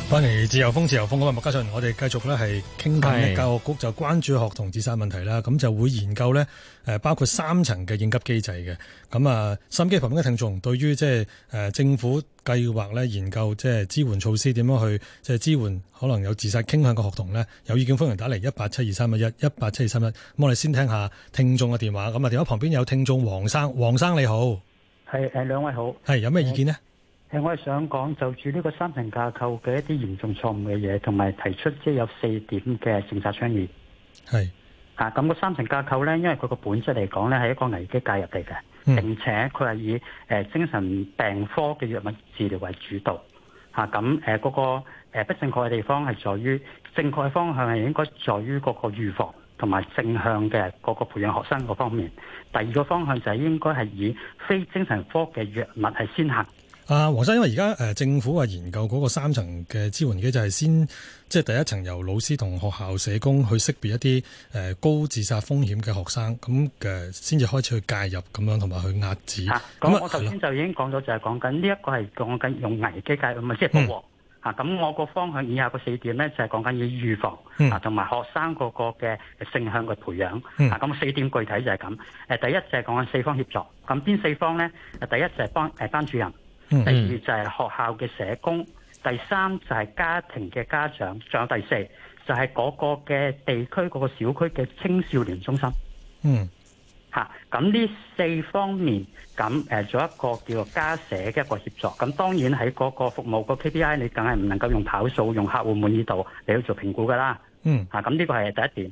歡迎自由風，自由風咁啊！麥嘉俊，我哋繼續咧係傾緊，咧教育局就關注學童自殺問題啦，咁就是會研究呢誒，包括三層嘅應急機制嘅。咁啊，心機旁邊嘅聽眾，對於即係誒政府計劃呢研究即係支援措施，點樣去即係支援可能有自殺傾向嘅學童呢？有意見歡迎打嚟一八七二三一，一八七二三一。咁我哋先聽下聽眾嘅電話。咁啊，電話旁邊有聽眾黃生，黃生你好，係誒，兩位好，係有咩意見呢？嗯我係想講就住呢個三層架構嘅一啲嚴重錯誤嘅嘢，同埋提出即係有四點嘅政策倡議。係啊，咁個三層架構咧，因為佢個本質嚟講咧係一個危機介入嚟嘅，並、嗯、且佢係以、呃、精神病科嘅藥物治療為主導。咁、啊、誒，嗰、啊那個不正確嘅地方係在於正確嘅方向係應該在於嗰個預防同埋正向嘅嗰個培養學生嗰方面。第二個方向就係應該係以非精神科嘅藥物係先行。啊，黃生，因為而家誒政府話研究嗰個三層嘅支援機制，就係先即係第一層由老師同學校社工去識別一啲誒、呃、高自殺風險嘅學生，咁嘅先至開始去介入咁樣，同埋去遏止。咁、啊、樣我頭先就已經講咗，了就係講緊呢一個係講緊用危機介入，唔即係撲獲。咁、嗯啊、我個方向以下個四點咧，就係講緊要預防，嚇同埋學生個個嘅性向嘅培養。嚇咁、嗯啊、四點具體就係咁誒，第一就係講緊四方協作。咁邊四方咧？第一就係幫誒、啊、班主任。第二就係學校嘅社工，第三就係家庭嘅家長，仲有第四就係嗰個嘅地區嗰、嗰個小區嘅青少年中心。嗯，嚇咁呢四方面咁誒、啊、做一個叫做家社嘅一個協作。咁當然喺嗰個服務個 KPI，你梗係唔能夠用跑數，用客戶滿意度嚟去做評估㗎啦。嗯，嚇咁呢個係第一點。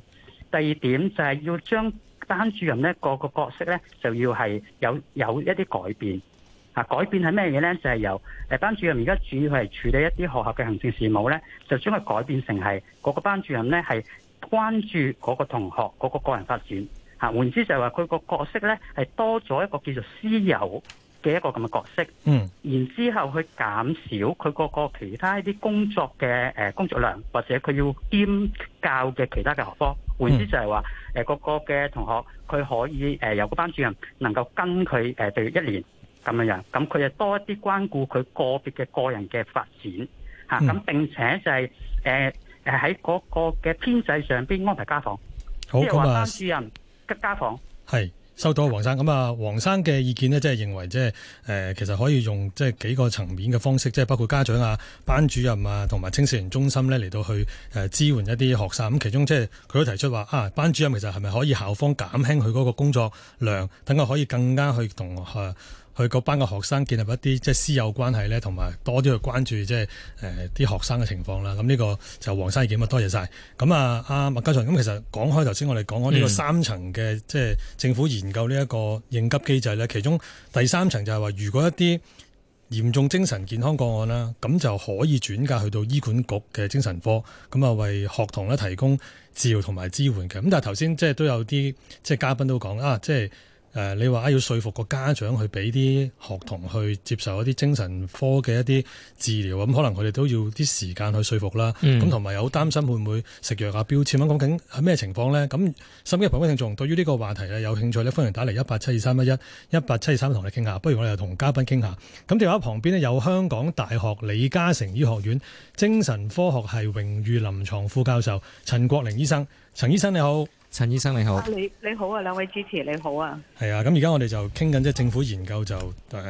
第二點就係要將班主任咧個個角色咧就要係有有一啲改變。啊！改變係咩嘢咧？就係、是、由誒班主任而家主要係處理一啲學校嘅行政事務咧，就將佢改變成係個個班主任咧係關注嗰個同學嗰、嗰個個人發展。嚇，換之就係話佢個角色咧係多咗一個叫做師友嘅一個咁嘅角色。嗯。然之後去減少佢個個其他一啲工作嘅誒工作量，或者佢要兼教嘅其他嘅學科。換之就係話誒個嘅同學佢可以誒由個班主任能夠跟佢誒譬如一年。咁樣樣，咁佢又多一啲關顧佢個別嘅個人嘅發展嚇。咁、嗯啊、並且就係誒喺嗰個嘅編制上邊安排家訪，好，即係話班主任嘅家訪係收到啊，黃生咁啊。黃生嘅意見呢，即係認為即係、呃、其實可以用即係幾個層面嘅方式，即係包括家長啊、班主任啊，同埋青少年中心呢嚟到去誒、呃、支援一啲學生。咁其中即係佢都提出話啊，班主任其實係咪可以校方減輕佢嗰個工作量，等佢可以更加去同誒。呃去嗰班嘅學生建立一啲即係私有關係咧，同埋多啲去關注即係啲學生嘅情況啦。咁呢個就黃生嘅意見，多謝晒。咁啊，阿麥嘉祥，咁其實講開頭先，我哋講開呢個三層嘅即係政府研究呢一個應急機制咧，其中第三層就係話，如果一啲嚴重精神健康個案啦，咁就可以轉介去到醫管局嘅精神科，咁啊為學童咧提供治療同埋支援嘅。咁但係頭先即係都有啲即係嘉賓都講啊，即係。誒，你話要說服個家長去俾啲學童去接受一啲精神科嘅一啲治療，咁可能佢哋都要啲時間去說服啦。咁同埋有擔心會唔會食藥啊標籤啊，咁究竟係咩情況呢？咁甚至朋友通聽眾對於呢個話題咧有興趣呢，歡迎打嚟一八七二三一一一八七二三同你傾下。不如我哋又同嘉賓傾下。咁電話旁邊呢，有香港大學李嘉誠醫學院精神科學系榮譽臨床副教授陳國齡醫生，陳醫生你好。陳醫生你好，你你好啊，兩位主持你好啊，係啊，咁而家我哋就傾緊即係政府研究就誒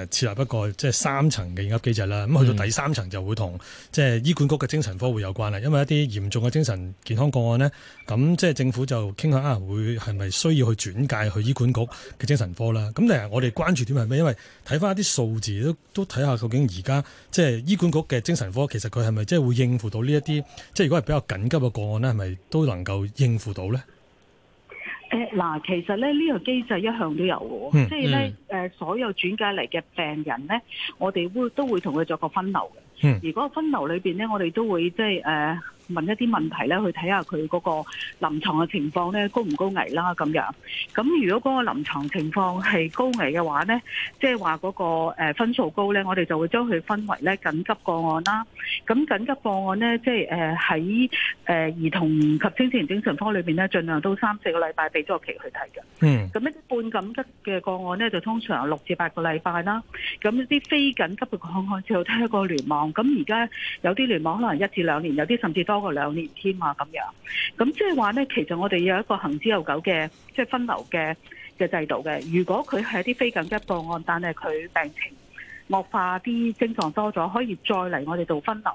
設立一個即係三層嘅應急機制啦。咁去到第三層就會同即係醫管局嘅精神科會有關啦。嗯、因為一啲嚴重嘅精神健康個案呢，咁即係政府就傾下啊，會係咪需要去轉介去醫管局嘅精神科啦？咁但係我哋關注點係咩？因為睇翻一啲數字都都睇下，看看究竟而家即係醫管局嘅精神科其實佢係咪即係會應付到呢一啲即係如果係比較緊急嘅個案呢，係咪都能夠應付到呢？嗱，其實咧呢個機制一向都有嘅，即係咧誒，所有轉介嚟嘅病人咧，我哋會都會同佢作個分流嘅。如果分流裏邊咧，我哋都會即係誒。呃問一啲問題咧，去睇下佢嗰個臨床嘅情況咧，高唔高危啦、啊？咁樣咁，如果嗰個臨床情況係高危嘅話咧，即係話嗰個分數高咧，我哋就會將佢分為咧緊急個案啦。咁緊急個案咧，即係喺誒兒童及青少年精神科裏邊咧，儘量都三四個禮拜俾週期去睇嘅。嗯。咁一啲半緊急嘅個案咧，就通常六至八個禮拜啦。咁一啲非緊急嘅個案，都睇下個聯網。咁而家有啲聯網可能一至兩年，有啲甚至多。多過兩年添啊，咁樣，咁即係話呢，其實我哋有一個行之有久嘅，即係分流嘅嘅制度嘅。如果佢係一啲非緊急個案，但係佢病情，惡化啲症狀多咗，可以再嚟我哋度分流。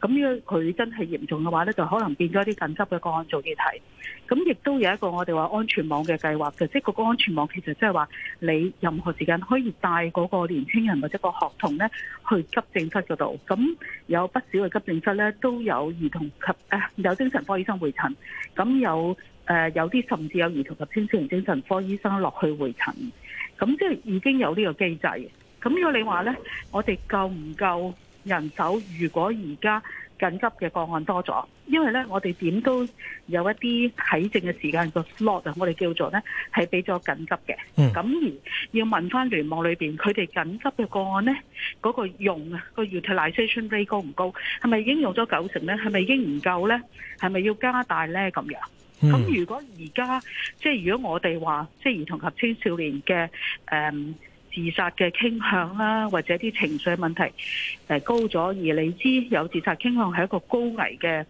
咁呢個佢真係嚴重嘅話呢，就可能變咗一啲緊急嘅個案做截睇。咁亦都有一個我哋話安全網嘅計劃嘅，即係嗰個安全網其實即係話你任何時間可以帶嗰個年輕人或者個學童呢去急症室嗰度。咁有不少嘅急症室呢都有兒童及誒、啊、有精神科醫生會診。咁有誒、啊、有啲甚至有兒童及青少年精神科醫生落去會診。咁即係已經有呢個機制。咁如果你話咧，我哋夠唔夠人手？如果而家緊急嘅個案多咗，因為咧我哋點都有一啲睇症嘅時間個 slot，我哋叫做咧係俾咗緊急嘅。咁、嗯、而要問翻聯網裏面，佢哋緊急嘅個案咧，嗰、嗰個用、嗰個 utilization rate 高唔高？係咪已經用咗九成咧？係咪已經唔夠咧？係咪要加大咧？咁樣？咁、嗯、如果而家即係如果我哋話即係兒童及青少年嘅誒自殺嘅傾向啦，或者啲情緒問題誒、呃、高咗，而你知有自殺傾向係一個高危嘅誒、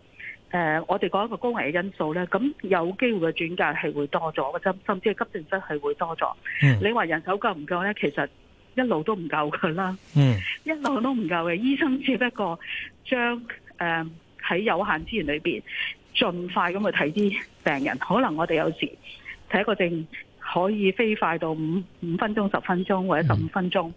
呃，我哋講一個高危嘅因素咧，咁有機會嘅轉介係會多咗嘅，甚甚至係急症室係會多咗。Mm. 你話人手夠唔夠咧？其實一路都唔夠噶啦，mm. 一路都唔夠嘅。醫生只不過將誒喺、呃、有限資源裏邊，盡快咁去睇啲病人。可能我哋有時睇一個症。可以飛快到五五分鐘、十分鐘或者十五分鐘，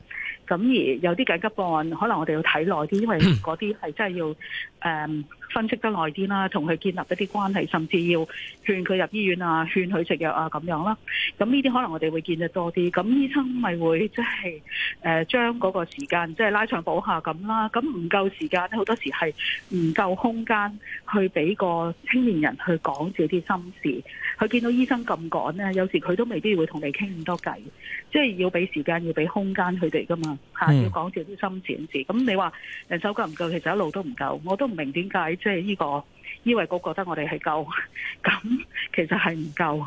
咁、嗯、而有啲緊急個案，可能我哋要睇耐啲，因為嗰啲係真係要誒、嗯、分析得耐啲啦，同佢建立一啲關係，甚至要勸佢入醫院啊，勸佢食藥啊咁樣啦。咁呢啲可能我哋會見得多啲。咁醫生咪會即係誒將嗰個時間即係、就是、拉長補下咁啦。咁唔夠時間咧，好多時係唔夠空間去俾個青年人去講少啲心事。佢見到醫生咁趕呢，有時佢都未必會同你傾咁多偈，即係要俾時間、要俾空間佢哋噶嘛嚇要講少啲深淺事。咁你話人手夠唔夠？其實一路都唔夠，我都唔明點解即係呢、這個醫衞局覺得我哋係夠，咁 其實係唔夠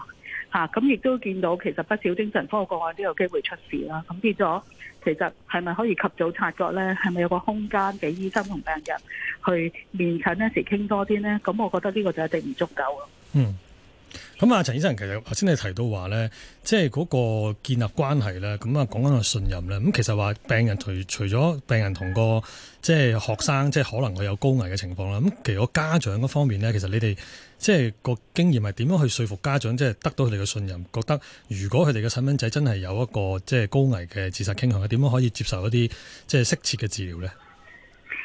嚇。咁、啊、亦都見到其實不少精神科個案都有機會出事啦。咁變咗，其實係咪可以及早察覺呢？係咪有個空間俾醫生同病人去面診嗰時傾多啲呢？咁我覺得呢個就一定唔足夠咯。嗯。咁啊，陳醫生，其實頭先你提到話咧，即係嗰個建立關係咧，咁啊，講緊個信任咧。咁其實話病人除除咗病人同個即係學生，即係可能會有高危嘅情況啦。咁其實個家長嗰方面咧，其實你哋即係個經驗係點樣去說服家長，即係得到佢哋嘅信任，覺得如果佢哋嘅細蚊仔真係有一個即係高危嘅自殺傾向，點樣可以接受一啲即係適切嘅治療咧？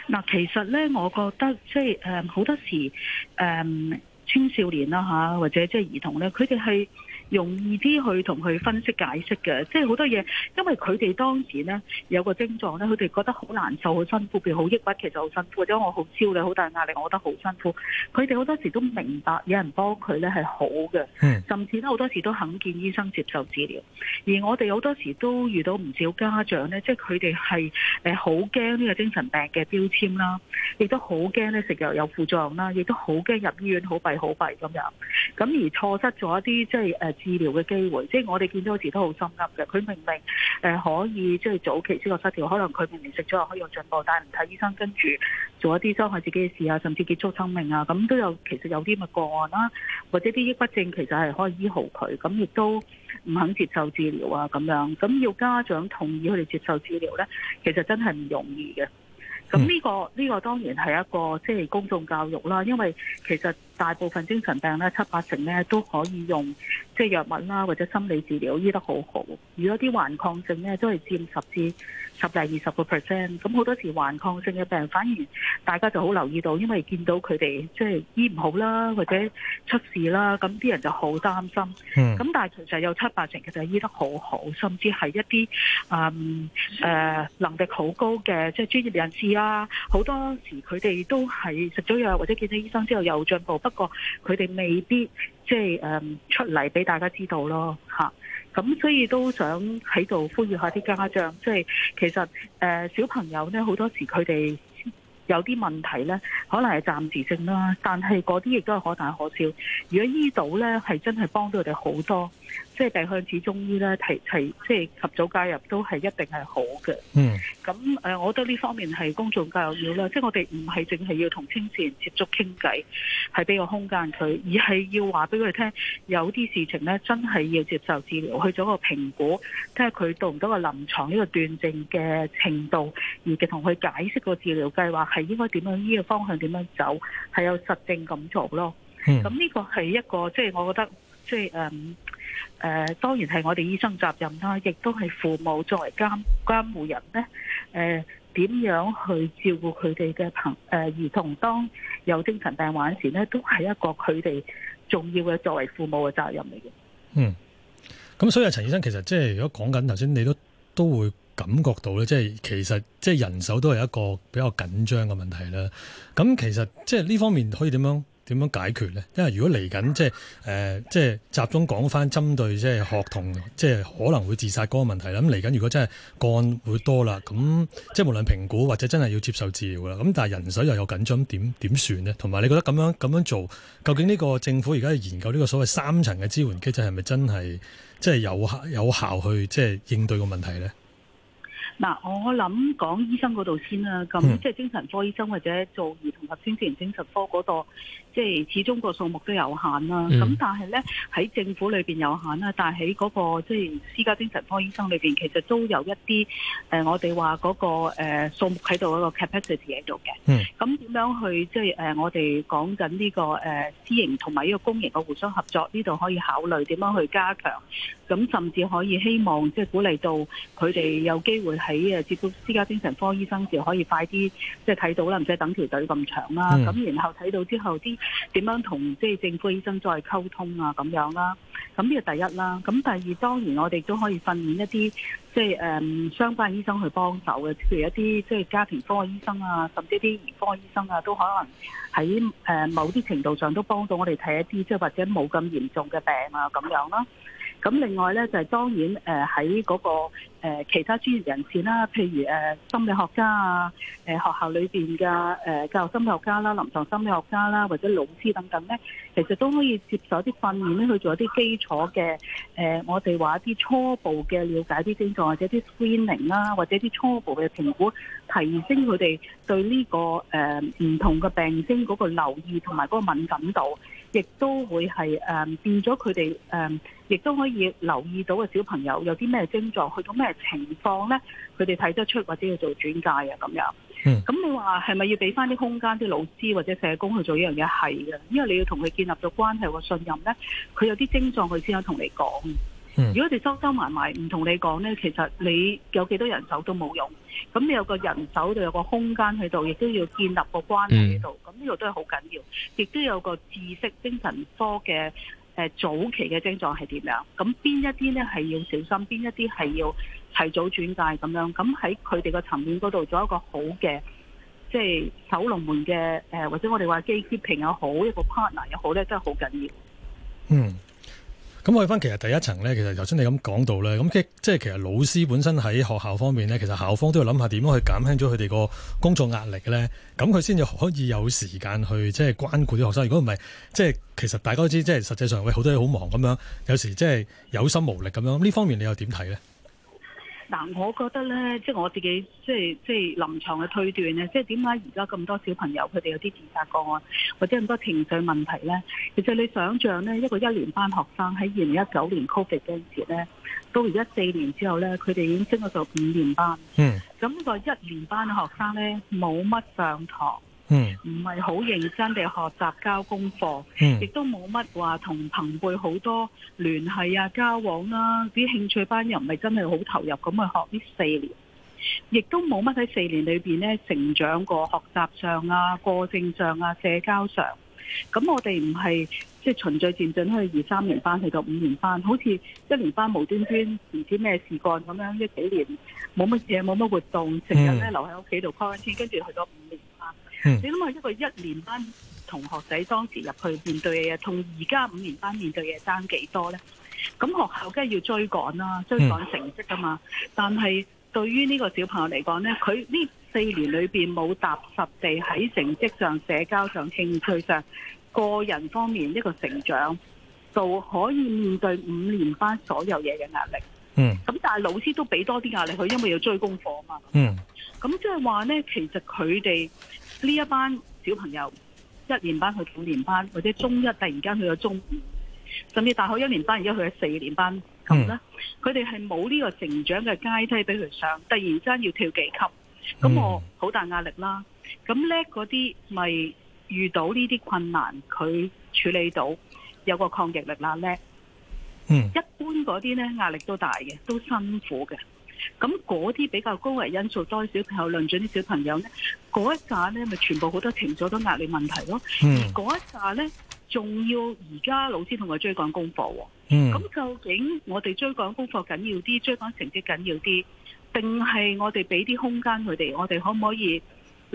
嗱，其實咧，我覺得即係誒，好、嗯、多時誒。嗯青少年啦、啊、吓，或者即係兒童咧，佢哋係，容易啲去同佢分析解釋嘅，即係好多嘢，因為佢哋當時呢，有個症狀呢，佢哋覺得好難受、好辛苦，譬如好抑鬱其實好辛苦，或者我好焦慮、好大壓力，我覺得好辛苦。佢哋好多時都明白有人幫佢呢係好嘅，的甚至呢好多時都肯見醫生接受治療。而我哋好多時都遇到唔少家長呢，即係佢哋係好驚呢個精神病嘅標籤啦，亦都好驚呢食藥有副作用啦，亦都好驚入醫院好弊、好弊咁樣。咁而錯失咗一啲即係誒治療嘅機會，即係我哋見到好多都好心急嘅。佢明明誒可以即係、就是、早期思覺失調，可能佢明明食咗藥可以有進步，但係唔睇醫生，跟住做一啲傷害自己嘅事啊，甚至結束生命啊，咁都有。其實有啲咪個案啦，或者啲抑鬱症，其實係可以醫好佢，咁亦都唔肯接受治療啊，咁樣咁要家長同意佢哋接受治療咧，其實真係唔容易嘅。咁呢、這個呢、這個當然係一個即係、就是、公眾教育啦，因為其實。大部分精神病咧，七八成咧都可以用即係藥物啦，或者心理治療醫得好好。如果啲頑抗性咧，都係佔十至十多二十個 percent。咁好多時頑抗性嘅病人反而大家就好留意到，因為見到佢哋即係醫唔好啦，或者出事啦，咁啲人就好擔心。咁、嗯、但其實有七八成其實係醫得好好，甚至係一啲誒、嗯呃、能力好高嘅即係專業人士啦。好多時佢哋都係食咗藥或者見咗醫生之後有進步。不過佢哋未必即係誒、嗯、出嚟俾大家知道咯，嚇、啊、咁所以都想喺度呼籲下啲家長，即係其實誒、呃、小朋友咧好多時佢哋有啲問題咧，可能係暫時性啦，但係嗰啲亦都係可大可小。如果醫到咧，係真係幫到佢哋好多。即係定向至中醫咧，提提即係及早介入都係一定係好嘅。嗯，咁誒，我覺得呢方面係公眾教育要啦，即係我哋唔係淨係要同青少年接觸傾偈，係俾個空間佢，而係要話俾佢聽，有啲事情咧真係要接受治療，去做個評估，睇下佢到唔到個臨床呢個斷症嘅程度，而同佢解釋個治療計劃係應該點樣呢、這個方向點樣走，係有實證咁做咯。咁呢、mm. 個係一個即係我覺得即係誒。嗯誒、呃，當然係我哋醫生責任啦、啊，亦都係父母作為監監護人咧。誒、呃，點樣去照顧佢哋嘅朋誒兒童，當有精神病患的時咧，都係一個佢哋重要嘅作為父母嘅責任嚟嘅。嗯，咁所以陳醫生，其實即係如果講緊頭先，你都都會感覺到咧，即係其實即係人手都係一個比較緊張嘅問題啦。咁其實即係呢方面可以點樣？點樣解決呢？因為如果嚟緊即係誒，即係、呃、集中講返針對即係學童，即係可能會自殺嗰個問題啦。咁嚟緊，如果真係個案會多啦，咁即係無論評估或者真係要接受治療啦。咁但係人手又有緊張，點點算呢？同埋你覺得咁樣咁樣做，究竟呢個政府而家研究呢個所謂三層嘅支援機制是不是，係咪真係即係有有效去即係應對個問題呢？嗱，我諗講醫生嗰度先啦。咁即係精神科醫生或者做兒童及青少年精神科嗰度、嗰個。即係始終個數目都有限啦，咁、嗯、但係咧喺政府裏邊有限啦，但係喺嗰個即係、就是、私家精神科醫生裏邊，其實都有一啲誒、呃，我哋話嗰個誒數、呃、目喺度一個 capacity 喺度嘅。咁點、嗯、樣去即係誒我哋講緊呢個誒、呃、私營同埋呢個公營嘅互相合作，呢度可以考慮點樣去加強，咁甚至可以希望即係、就是、鼓勵到佢哋有機會喺誒接觸私家精神科醫生時可以快啲即係睇到啦，唔使等條隊咁長啦。咁、嗯、然後睇到之後啲。點樣同即係政府醫生再溝通啊？咁樣啦，咁呢個第一啦。咁第二，當然我哋都可以訓練一啲即係誒相關醫生去幫手嘅，譬如一啲即係家庭科醫生啊，甚至啲兒科醫生啊，都可能喺誒某啲程度上都幫到我哋睇一啲即係或者冇咁嚴重嘅病啊。咁樣啦。咁另外咧，就係當然誒喺嗰個其他專業人士啦，譬如心理學家啊，學校裏面嘅教育心理學家啦、臨床心理學家啦，或者老師等等咧，其實都可以接受啲訓練咧，去做一啲基礎嘅我哋話一啲初步嘅了解啲症狀，或者啲 screening 啦，或者啲初步嘅評估，提升佢哋對呢個誒唔同嘅病徵嗰個留意同埋嗰個敏感度。亦都會係誒、呃、變咗佢哋誒，亦都可以留意到嘅小朋友有啲咩症狀，去到咩情況咧？佢哋睇得出或者要做轉介啊咁樣。嗯，咁你話係咪要俾翻啲空間啲老師或者社工去做呢樣嘢係嘅？因為你要同佢建立咗關係和信任咧，佢有啲症狀佢先可以同你講。嗯、如果你收收埋埋，唔同你講呢，其實你有幾多人手都冇用。咁你有個人手就有個空間喺度，亦都要建立個關係喺度。咁呢度都係好緊要，亦都有個知識精神科嘅，誒、呃、早期嘅症狀係點樣？咁邊一啲呢係要小心，邊一啲係要提早轉介咁樣。咁喺佢哋個層面嗰度做一個好嘅，即係守龍門嘅，誒、呃，或者我哋話 gatekeeping 又好，有一個 partner 又好呢，都係好緊要。嗯。咁我哋翻其實第一層呢，其實頭先你咁講到呢。咁即係其實老師本身喺學校方面呢，其實校方都要諗下點樣去減輕咗佢哋個工作壓力呢。咁佢先至可以有時間去即係關顧啲學生。如果唔係，即係其實大家都知即係實際上喂好多嘢好忙咁樣，有時即係有心無力咁樣。呢方面你又點睇呢？嗱，我覺得咧，即係我自己，即係即係臨床嘅推斷咧，即係點解而家咁多小朋友佢哋有啲自殺個案，或者咁多情緒問題咧？其實你想象咧，一個一年班學生喺二零一九年 Covid 嗰陣時咧，到而家四年之後咧，佢哋已經升咗做五年班。嗯。咁個一年班嘅學生咧，冇乜上堂。嗯，唔係好認真地學習交功課，亦、嗯、都冇乜話同朋輩好多聯繫啊交往啦、啊。啲興趣班又唔係真係好投入咁去學呢四年，亦都冇乜喺四年裏邊咧成長過，學習上啊、個性上啊、社交上。咁我哋唔係即係循序漸進，去二三年班去到五年班，好似一年班無端端唔知咩事幹咁樣一幾年冇乜嘢冇乜活動，成日咧留喺屋企度 point in，跟住去到五年。你諗下一個一年班同學仔當時入去面對嘅嘢，同而家五年班面對嘅嘢爭幾多呢？咁學校梗係要追趕啦，追趕成績㗎嘛。但係對於呢個小朋友嚟講呢，佢呢四年裏邊冇踏實地喺成績上、社交上、興趣上、個人方面一個成長，就可以面對五年班所有嘢嘅壓力。嗯。咁但係老師都俾多啲壓力佢，因為要追功課嘛。嗯。咁即係話呢，其實佢哋。呢一班小朋友一年班去五年班，或者中一突然間去咗中，甚至大學一年班，而家去咗四年班咁咧，佢哋係冇呢個成長嘅階梯俾佢上，突然間要跳幾級，咁我好大壓力啦。咁叻嗰啲咪遇到呢啲困難，佢處理到有個抗逆力啦叻，嗯，一般嗰啲咧壓力都大嘅，都辛苦嘅。咁嗰啲比較高危因素多啲小朋友，論盡啲小朋友咧，嗰一紮咧咪全部好多情緒都壓力問題咯。而嗰、嗯、一紮咧，仲要而家老師同佢追趕功課喎。咁、嗯、究竟我哋追趕功課緊要啲，追趕成績緊要啲，定係我哋俾啲空間佢哋，我哋可唔可以？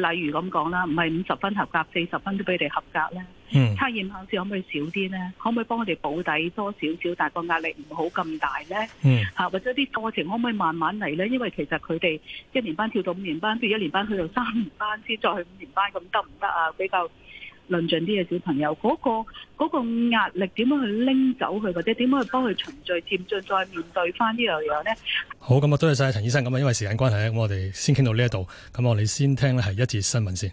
例如咁講啦，唔係五十分合格，四十分都俾你哋合格咧。Mm. 測驗考試可唔可以少啲咧？可唔可以幫我哋保底多少少，但個壓力唔好咁大咧？嚇，mm. 或者啲過程可唔可以慢慢嚟咧？因為其實佢哋一年班跳到五年班，譬如一年班去到三年班先再去五年班，咁得唔得啊？比較。論盡啲嘅小朋友，嗰個嗰個壓力點樣去拎走佢，或者點樣去幫佢循序漸進，再面對翻呢樣嘢咧？好，咁啊，多謝晒陳醫生咁啊，因為時間關係咁我哋先傾到呢一度，咁我哋先聽咧係一節新聞先。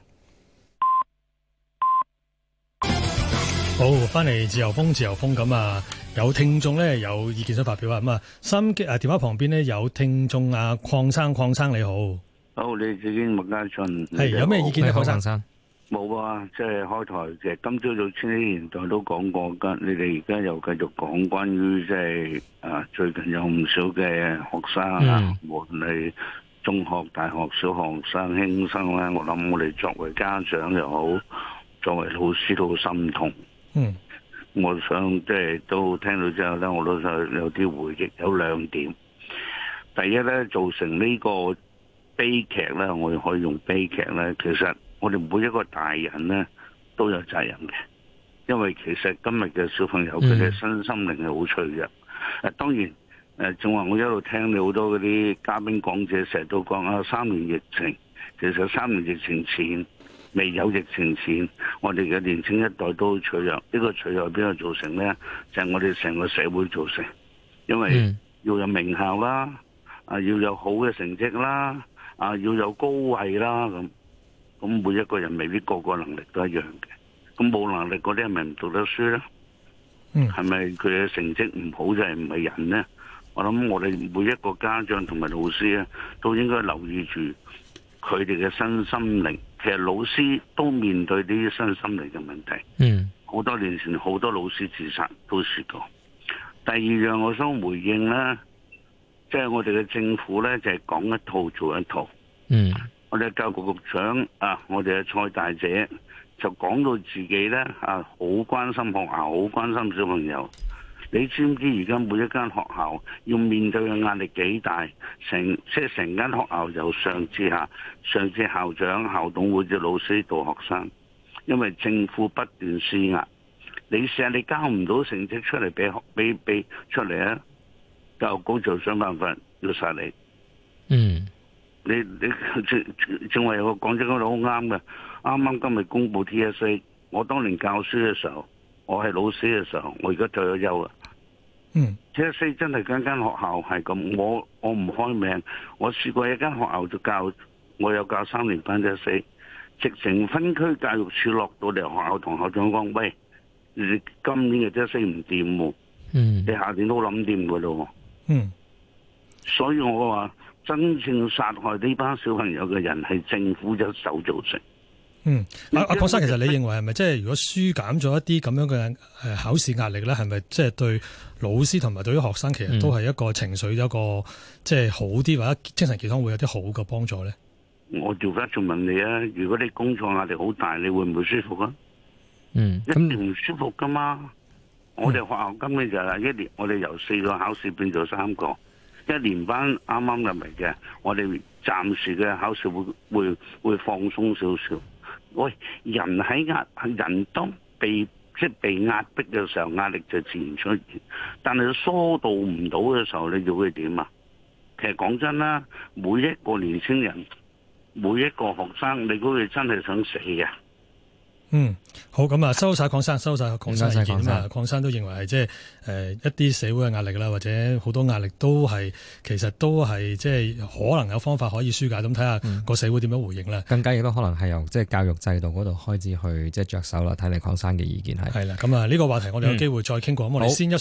好，翻嚟自由風，自由風咁啊，有聽眾呢，有意見想發表啊，咁啊，三啊電話旁邊呢，有聽眾啊，鄺生鄺生你好，好，你自己，係有咩意見呢？鄺好生？冇啊！即係開台嘅，今朝早千禧年代都講過噶。你哋而家又繼續講關於即係啊，最近有唔少嘅學生啊，mm. 無論係中學、大學、小學生、輕生咧，我諗我哋作為家長又好，作為老師都好心痛。嗯，mm. 我想即係都聽到之後咧，我都有有啲回憶，有兩點。第一咧，造成呢個悲劇咧，我可以用悲劇咧，其實。我哋每一個大人呢都有責任嘅，因為其實今日嘅小朋友佢嘅身心靈係好脆弱，mm. 啊。當然仲話我一路聽你好多嗰啲嘉賓講者講，成日都講啊，三年疫情，其實三年疫情前未有疫情前，我哋嘅年青一代都好脆弱。呢，這個脆弱邊個造成呢？就係、是、我哋成個社會造成，因為要有名校啦，啊，啊，要有好嘅成績啦，啊，啊，要有高位啦，啊，咁。咁每一個人未必個個個能力都一樣嘅，咁冇能力嗰啲係咪唔讀得書呢？嗯，係咪佢嘅成績唔好就係唔係人呢？我諗我哋每一個家長同埋老師咧都應該留意住佢哋嘅身心靈。其實老師都面對呢啲身心靈嘅問題。嗯，好多年前好多老師自殺都試過。第二樣我想回應呢，即係我哋嘅政府呢，就係講一套做一套。嗯。我哋教育局局長啊，我哋嘅蔡大姐就講到自己呢，啊，好關心學校，好關心小朋友。你知唔知而家每一間學校要面對嘅壓力幾大？成即係成間學校由上至下，上至校長、校董會、至老師到學生，因為政府不斷施壓，你成日你交唔到成績出嚟俾俾出嚟啊？教育局就想辦法要殺你。嗯。你你仲仲仲話有個講真嗰度好啱嘅，啱啱今日公布 T S A 我當年教書嘅時候，我係老師嘅時候，我而家退咗休啦。嗯 S，T S A 真係間間學校係咁，我我唔開名，我試過一間學校就教，我有教三年班 T S A 直情分區教育處落到嚟學校同校長講，喂，你今年嘅 T、啊、S A 唔掂喎，你下年都諗掂嘅咯。嗯，啊、嗯所以我話。真正殺害呢班小朋友嘅人係政府一手造成。嗯，阿、啊、阿郭生，其實你認為係咪即係如果舒減咗一啲咁樣嘅誒考試壓力咧，係咪即係對老師同埋對於學生其實都係一個情緒一個即係好啲或者精神健康會有啲好嘅幫助咧？我做翻仲問你啊，如果你工作壓力好大，你會唔會舒服啊？嗯，嗯一定唔舒服噶嘛。我哋學校今年就係一年，我哋由四個考試變咗三個。一年班啱啱入嚟嘅，我哋暫時嘅考試會會會放鬆少少。喂，人喺壓，人當被即係被壓迫嘅時候，壓力就自然出現。但係疏導唔到嘅時候，你叫佢點啊？其實講真啦，每一個年青人，每一個學生，你估佢真係想死啊！嗯，好，咁啊，收晒，礦山，收晒。礦山意見啊嘛，礦山都認為即係、係呃、一啲社會嘅壓力啦，或者好多壓力都係其實都係即係可能有方法可以疏解，咁睇下個社會點樣回應啦。更加亦都可能係由即係教育制度嗰度開始去即係着手啦，睇嚟礦山嘅意見係係啦，咁啊呢個話題我哋有機會再傾過，咁、嗯、我哋先一。